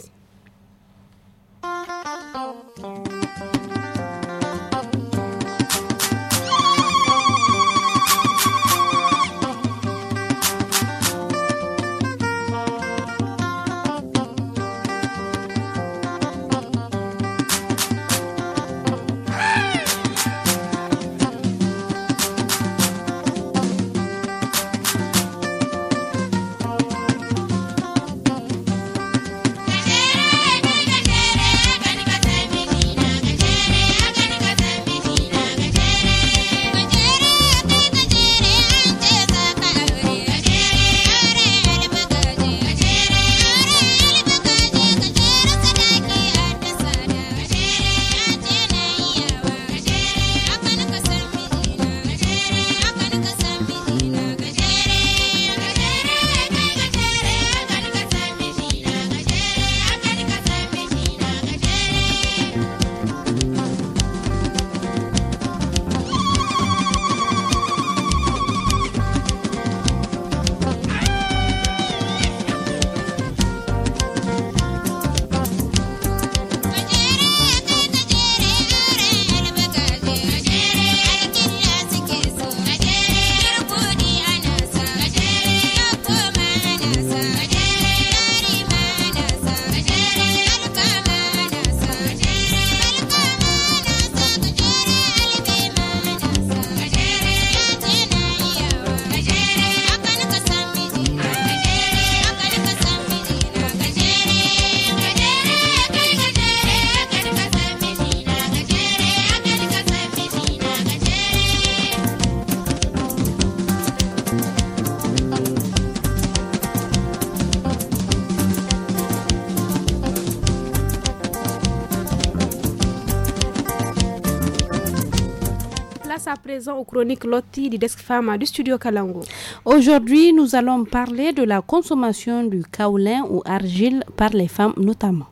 Speaker 2: présent aux chroniques Lotti du Desk Pharma du studio Kalango.
Speaker 1: Aujourd'hui, nous allons parler de la consommation du kaolin ou argile par les femmes notamment.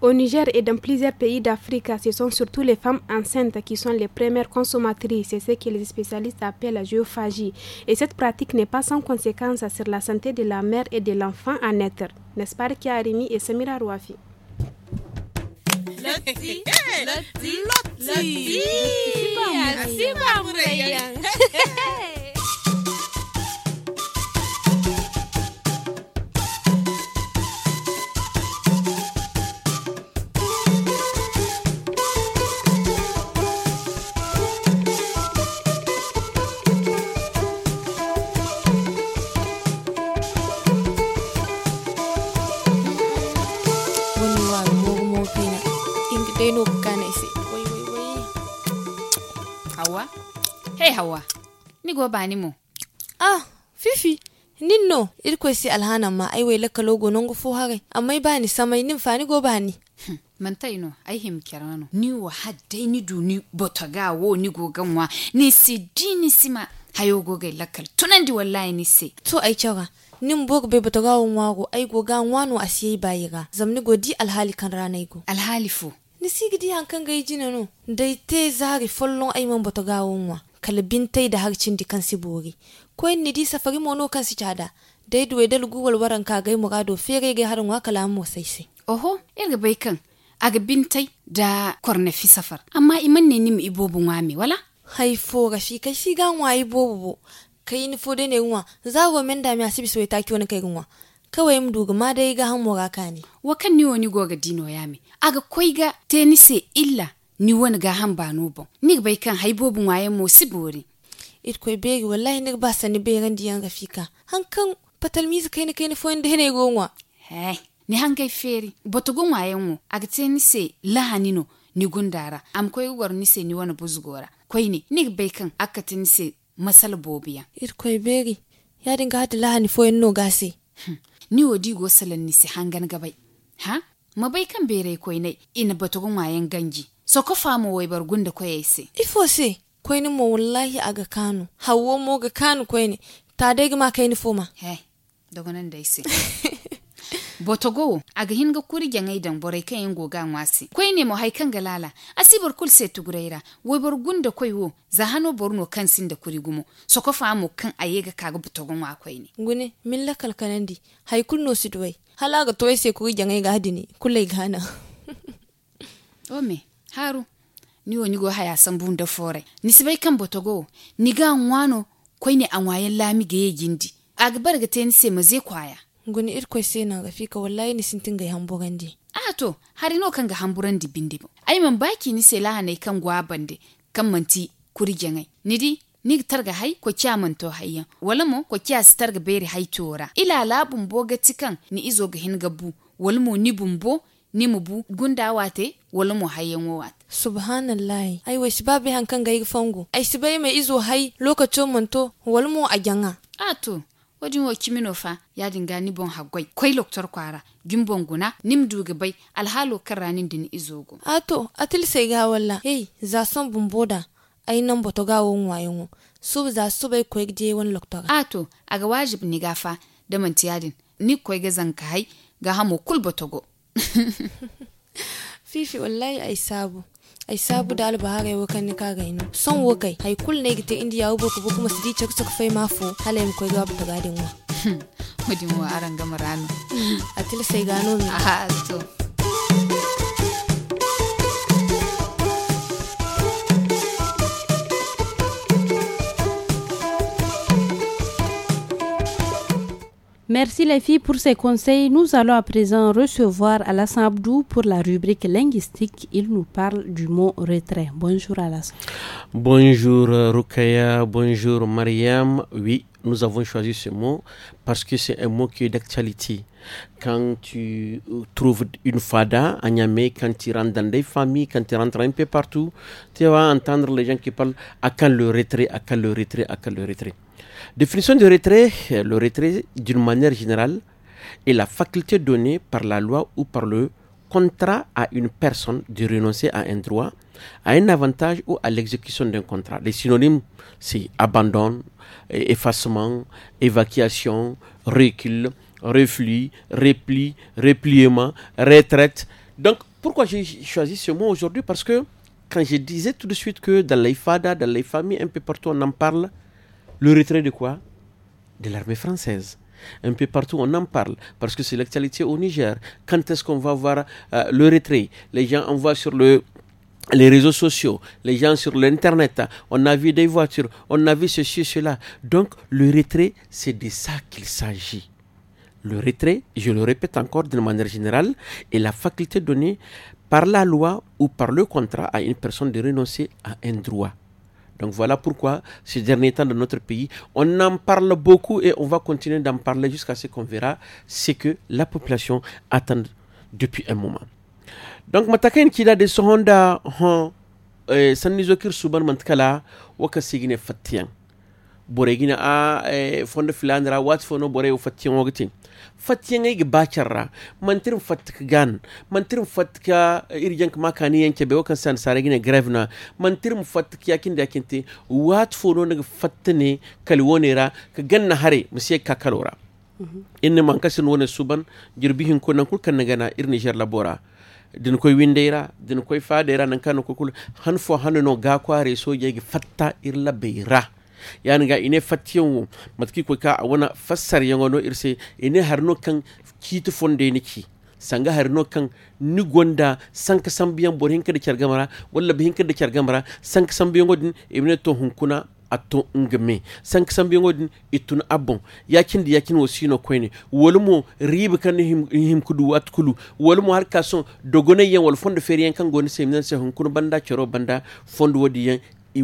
Speaker 2: Au Niger et dans plusieurs pays d'Afrique, ce sont surtout les femmes enceintes qui sont les premières consommatrices. C'est ce que les spécialistes appellent la géophagie. Et cette pratique n'est pas sans conséquences sur la santé de la mère et de l'enfant à naître. N'est-ce pas, Arimi et Samira Rouafi?
Speaker 8: Lottie, eh, see,
Speaker 11: Lottie see. Loti. Loti. [laughs]
Speaker 12: dai nous kana Oui, oui, hawa hey hawa ni go mo
Speaker 13: ah fifi nino, il irko si alhana ma ay wai ka logo non go fo hare Amay bani samay samai nin fa go bani. ni
Speaker 12: hmm, man tai no ai him kirano ni wa haddai ni du ni botaga wo ni go ganwa ni si di ni sima hayo go ga lakal Tunandi wallahi ni se to ay cewa
Speaker 13: Nim bog bai bata gawon wago ay go ga wano asiyai bayi ga go di alhali kan ranai go alhali fu ni gidi hankan gai jina no dai te zari follon ai man boto gawon kala kalbin tai da harcin di kansi bori ko ni di safari mono kansi chada dai duwe dal guwal waran ka gai murado fere har
Speaker 12: harin wa kalamu sai sai oho irga bai kan aga bintai da fi safar amma iman ne nim wa me wala ga kai shi ga wa ibobu
Speaker 13: kai ni fo ne wa. za wa men da mi asibi so ta ki wona kai gunwa kawai mduguma dai ga han
Speaker 12: moraka ne wakan ni wani goga dino yami aga ga. tenise illa ni wani ga han ba no bon ni bai kan haibobin wayan mo sibori it koi begi wallahi ni ba sani be ran diyan ga fika han kan patal mizi kai ne kai ne foin da hene gonwa he ni han kai feri boto gon wayan mo aga tenise no ni gundara am koi gor ni se ni wani buzgora koi ne ni bai kan aka tenise masal bobiya
Speaker 13: it koi begi ya dinga hada lahani foin no gasi.
Speaker 12: ni wo digo si nisi hangan gabai ha mabai kan bere ina batugun wayan ganji so ko famu wai bargun da koyaise ifo mo wallahi aga kanu hawo mo ga kanu koini ta ne kaini he dogonan [laughs] botogo aga hinga kuri jangai dan borai kan goga ngwasi koi ne mo haikan galala asibar kul se tugureira wai bor gunda koi wo zahano borno kan sin da kuri gumo soko famu kan ayega ga botogo ngwa koi ne ngune milla kalkanandi haikul no sidwai halaga
Speaker 13: toy se kuri jangai ga hadini kulai gana
Speaker 12: [laughs] ome haru ni woni go haya san bunda fore nisibai kan botogo ni ga ngwano koi ne anwayen lami ga yindi agbar ga tenise maze kwaya nguni irko sena ga fika wallahi ni sintin ga hamburandi a ah, to hari no kan ga hamburandi bindi bo ai man baki ni sai lahana kan gwabande kan manti kurige ngai ni di ni targa hai ko kya manto hayya wala mo ko kya ga beri hai tora ila labun ga tikan ni izo ga hin gabu wala mo ni bumbo ni mu bu gunda wate wala mu hayyan wawat
Speaker 13: subhanallah. ai wa shibabi hankan ga yi fango ai shibai mai izo hai lokacin manto wala mo a gyanga
Speaker 12: a ah, to wadin kimi nofa fa dinga ni bon hagwai kwai loktor kwara gin bon guna nim duga bai alhalo kan ranin din izogo
Speaker 13: ato atil sai ga walla
Speaker 12: hey za son bumboda ai nan boto ga won wayon su za su bai kwai je won loktor ato aga wajib ni gafa da mantiyadin ni kwai ga zanka hai ga hamo kul botogo [laughs]
Speaker 13: fifi wallahi ai sabu ay sabu da alba haga wo ga son wo kai hay kul ne gite indiya wo ko kuma sidi chak chak fai mafo halem ko ga bu ga din wa
Speaker 12: [laughs] mudin wa aran atil [laughs]
Speaker 13: sai gano ni
Speaker 1: Merci les filles pour ces conseils. Nous allons à présent recevoir Alassane Abdou pour la rubrique linguistique. Il nous parle du mot retrait. Bonjour Alassane.
Speaker 14: Bonjour euh, Rukaya, bonjour Mariam. Oui, nous avons choisi ce mot parce que c'est un mot qui est d'actualité. Quand tu euh, trouves une fada à Niamey, quand tu rentres dans des familles, quand tu rentres un peu partout, tu vas entendre les gens qui parlent à quand le retrait, à quand le retrait, à quand le retrait. Définition de retrait, le retrait d'une manière générale est la faculté donnée par la loi ou par le contrat à une personne de renoncer à un droit, à un avantage ou à l'exécution d'un contrat. Les synonymes, c'est abandon, effacement, évacuation, recul, reflux, repli, repliement, retraite. Donc, pourquoi j'ai choisi ce mot aujourd'hui Parce que quand je disais tout de suite que dans les dans les familles, un peu partout, on en parle, le retrait de quoi De l'armée française. Un peu partout, on en parle parce que c'est l'actualité au Niger. Quand est-ce qu'on va voir euh, le retrait Les gens en voient sur les réseaux sociaux, les gens sur l'Internet. On a vu des voitures, on a vu ceci, cela. Donc, le retrait, c'est de ça qu'il s'agit. Le retrait, je le répète encore d'une manière générale, est la faculté donnée par la loi ou par le contrat à une personne de renoncer à un droit donc voilà pourquoi ces derniers temps dans notre pays, on en parle beaucoup et on va continuer d'en parler jusqu'à ce qu'on verra ce que la population attend depuis un moment. Donc matakan kida de sohonda hon eh, sanni zokir suban mantkala waka sigine fatiyan bore gina a ah, eh, fonda filandra wat fono bore fatiyan fat yanga ga bakirra mantirin fat gan mantirin fat ka eh, irjan ka makani yanke be wakan san sare gine grevna mantirin fat yakin da kinte wat fono ne fat ne kalwonera ka na hare musiye ka kalora mhm. inne man kasin wona suban jirbihin ko nan kulkan gana irni jar labora din koy windeyra din koy fadera nan kan ko kul han hanno ga kware so fatta irla beyra Yanga ga ine fatiyan matki ko ka wana fassar irse ine harno kan kitu fonde niki sanga harno kan ni gonda sanka sambiyan bor hinka da kyargamara bi hinka da sanka sambiyan godin ibne to hunkuna ato ngme sanka godin itun abon yakin Diakin yakin wasino koyne wolmo riba kan him, him kudu atkulu wolmo har kason dogone yen wal fondo feriyan kan goni seminan se hunkuna banda choro banda fondo wodi yan i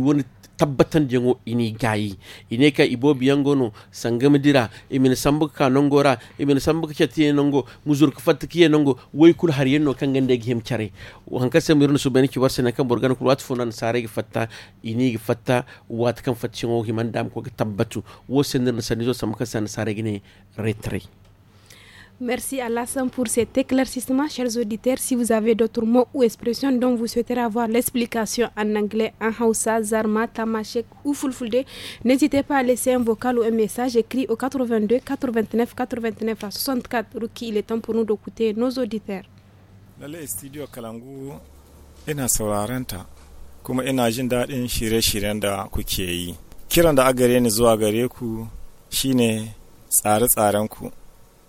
Speaker 14: tabbatan inigai ini gayi ine ka ibo imin sambuka nongora imin sambuka nongo muzur nongo way kul har yenno kan gande gihem chare hanka samirun subani ki borgan kul fatta ini fatta wat himan tabatu wo sendir sanizo retri
Speaker 2: Merci à Alassane pour cet éclaircissement. Chers auditeurs, si vous avez d'autres mots ou expressions dont vous souhaiterez avoir l'explication en anglais, en Hausa, Zarma, Tamashek ou Fulfulde, n'hésitez pas à laisser un vocal ou un message écrit au 82 89 89 à 64. Ruki, il est temps pour nous d'écouter nos auditeurs.
Speaker 15: studio Kalangu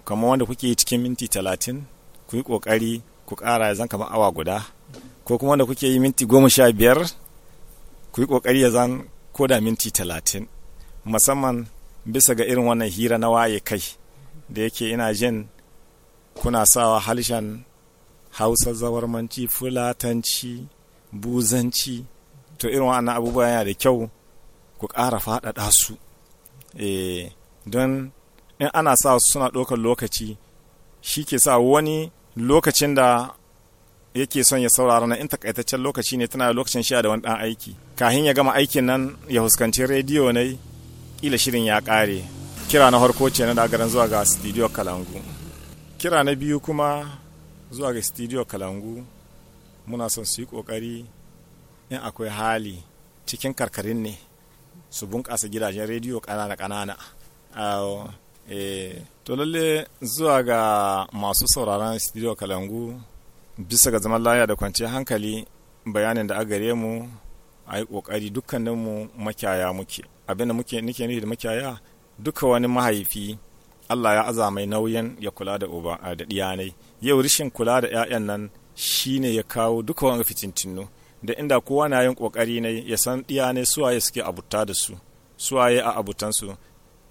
Speaker 15: kamar wanda kuke cikin minti talatin ku yi ƙoƙari ku ƙara zan kamar awa guda ko kuma wanda kuke yi minti goma sha biyar ku yi ƙoƙari ya zan ko da minti talatin musamman bisa ga irin wannan hira na waye kai da yake ina jin kuna sawa harshen hausa zawarmanci fulatanci buzanci to irin wannan abubuwa yana da kyau ku ƙara faɗaɗa su eh, don in ana sa su suna ɗaukar lokaci shi ke sa wani lokacin da yake son ya saurara na in takaitaccen lokaci ne tana lokacin shi da wani ɗan aiki kahin ya gama aikin nan ya huskanci rediyo ne ƙila shirin ya ƙare kira na harko ce na dagaran zuwa ga studio kalangu kira na biyu kuma zuwa ga studio kalangu muna son su yi ƙoƙari in akwai hali cikin karkarin ne su bunƙasa gidajen rediyo ƙanana-ƙanana Eh, to lalle zuwa ga masu sauraron studio kalangu bisa ga zaman laya da kwanciyar hankali bayanin da a gare mu a yi kokari dukkaninmu makiyaya muke abin da muke nike nufi da makiyaya duka wani mahaifi Allah ya aza mai nauyin ya kula da uba da diyanai yau rishin kula da 'ya'yan nan shine ya kawo duka wani fitintinu da inda kowa na yin kokari ne ya san diyanai suwaye suke abuta da su suwaye a abutansu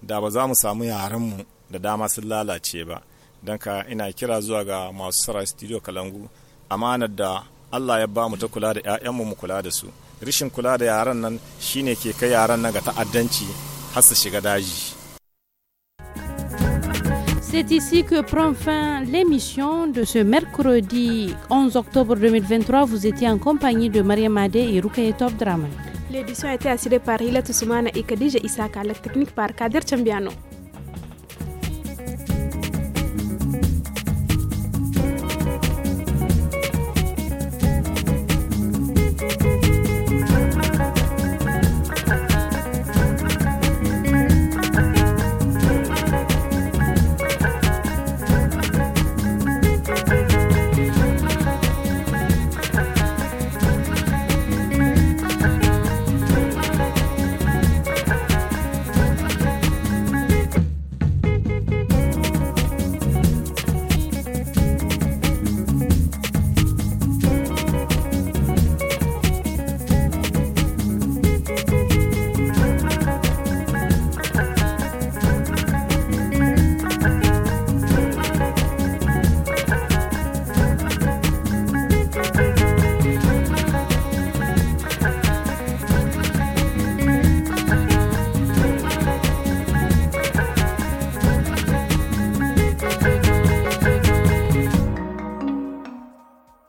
Speaker 15: da ba za mu samu yaranmu da dama sun lalace ba don ka ina kira zuwa ga masu sara studio kalangu amanar da allah ya ba mu ta kula da 'ya'yanmu mu kula da su rishin kula da yaran nan shine ke kai yaran nan ga ta'addanci har su shiga daji
Speaker 1: C'est ici que prend fin l'émission de ce mercredi 11 octobre 2023. Vous étiez en compagnie de Maria Madé et Top Draman.
Speaker 2: L'édition a été assurée par Hila Toussoumana et Kadija Isaka, la technique par Kader Chambiano.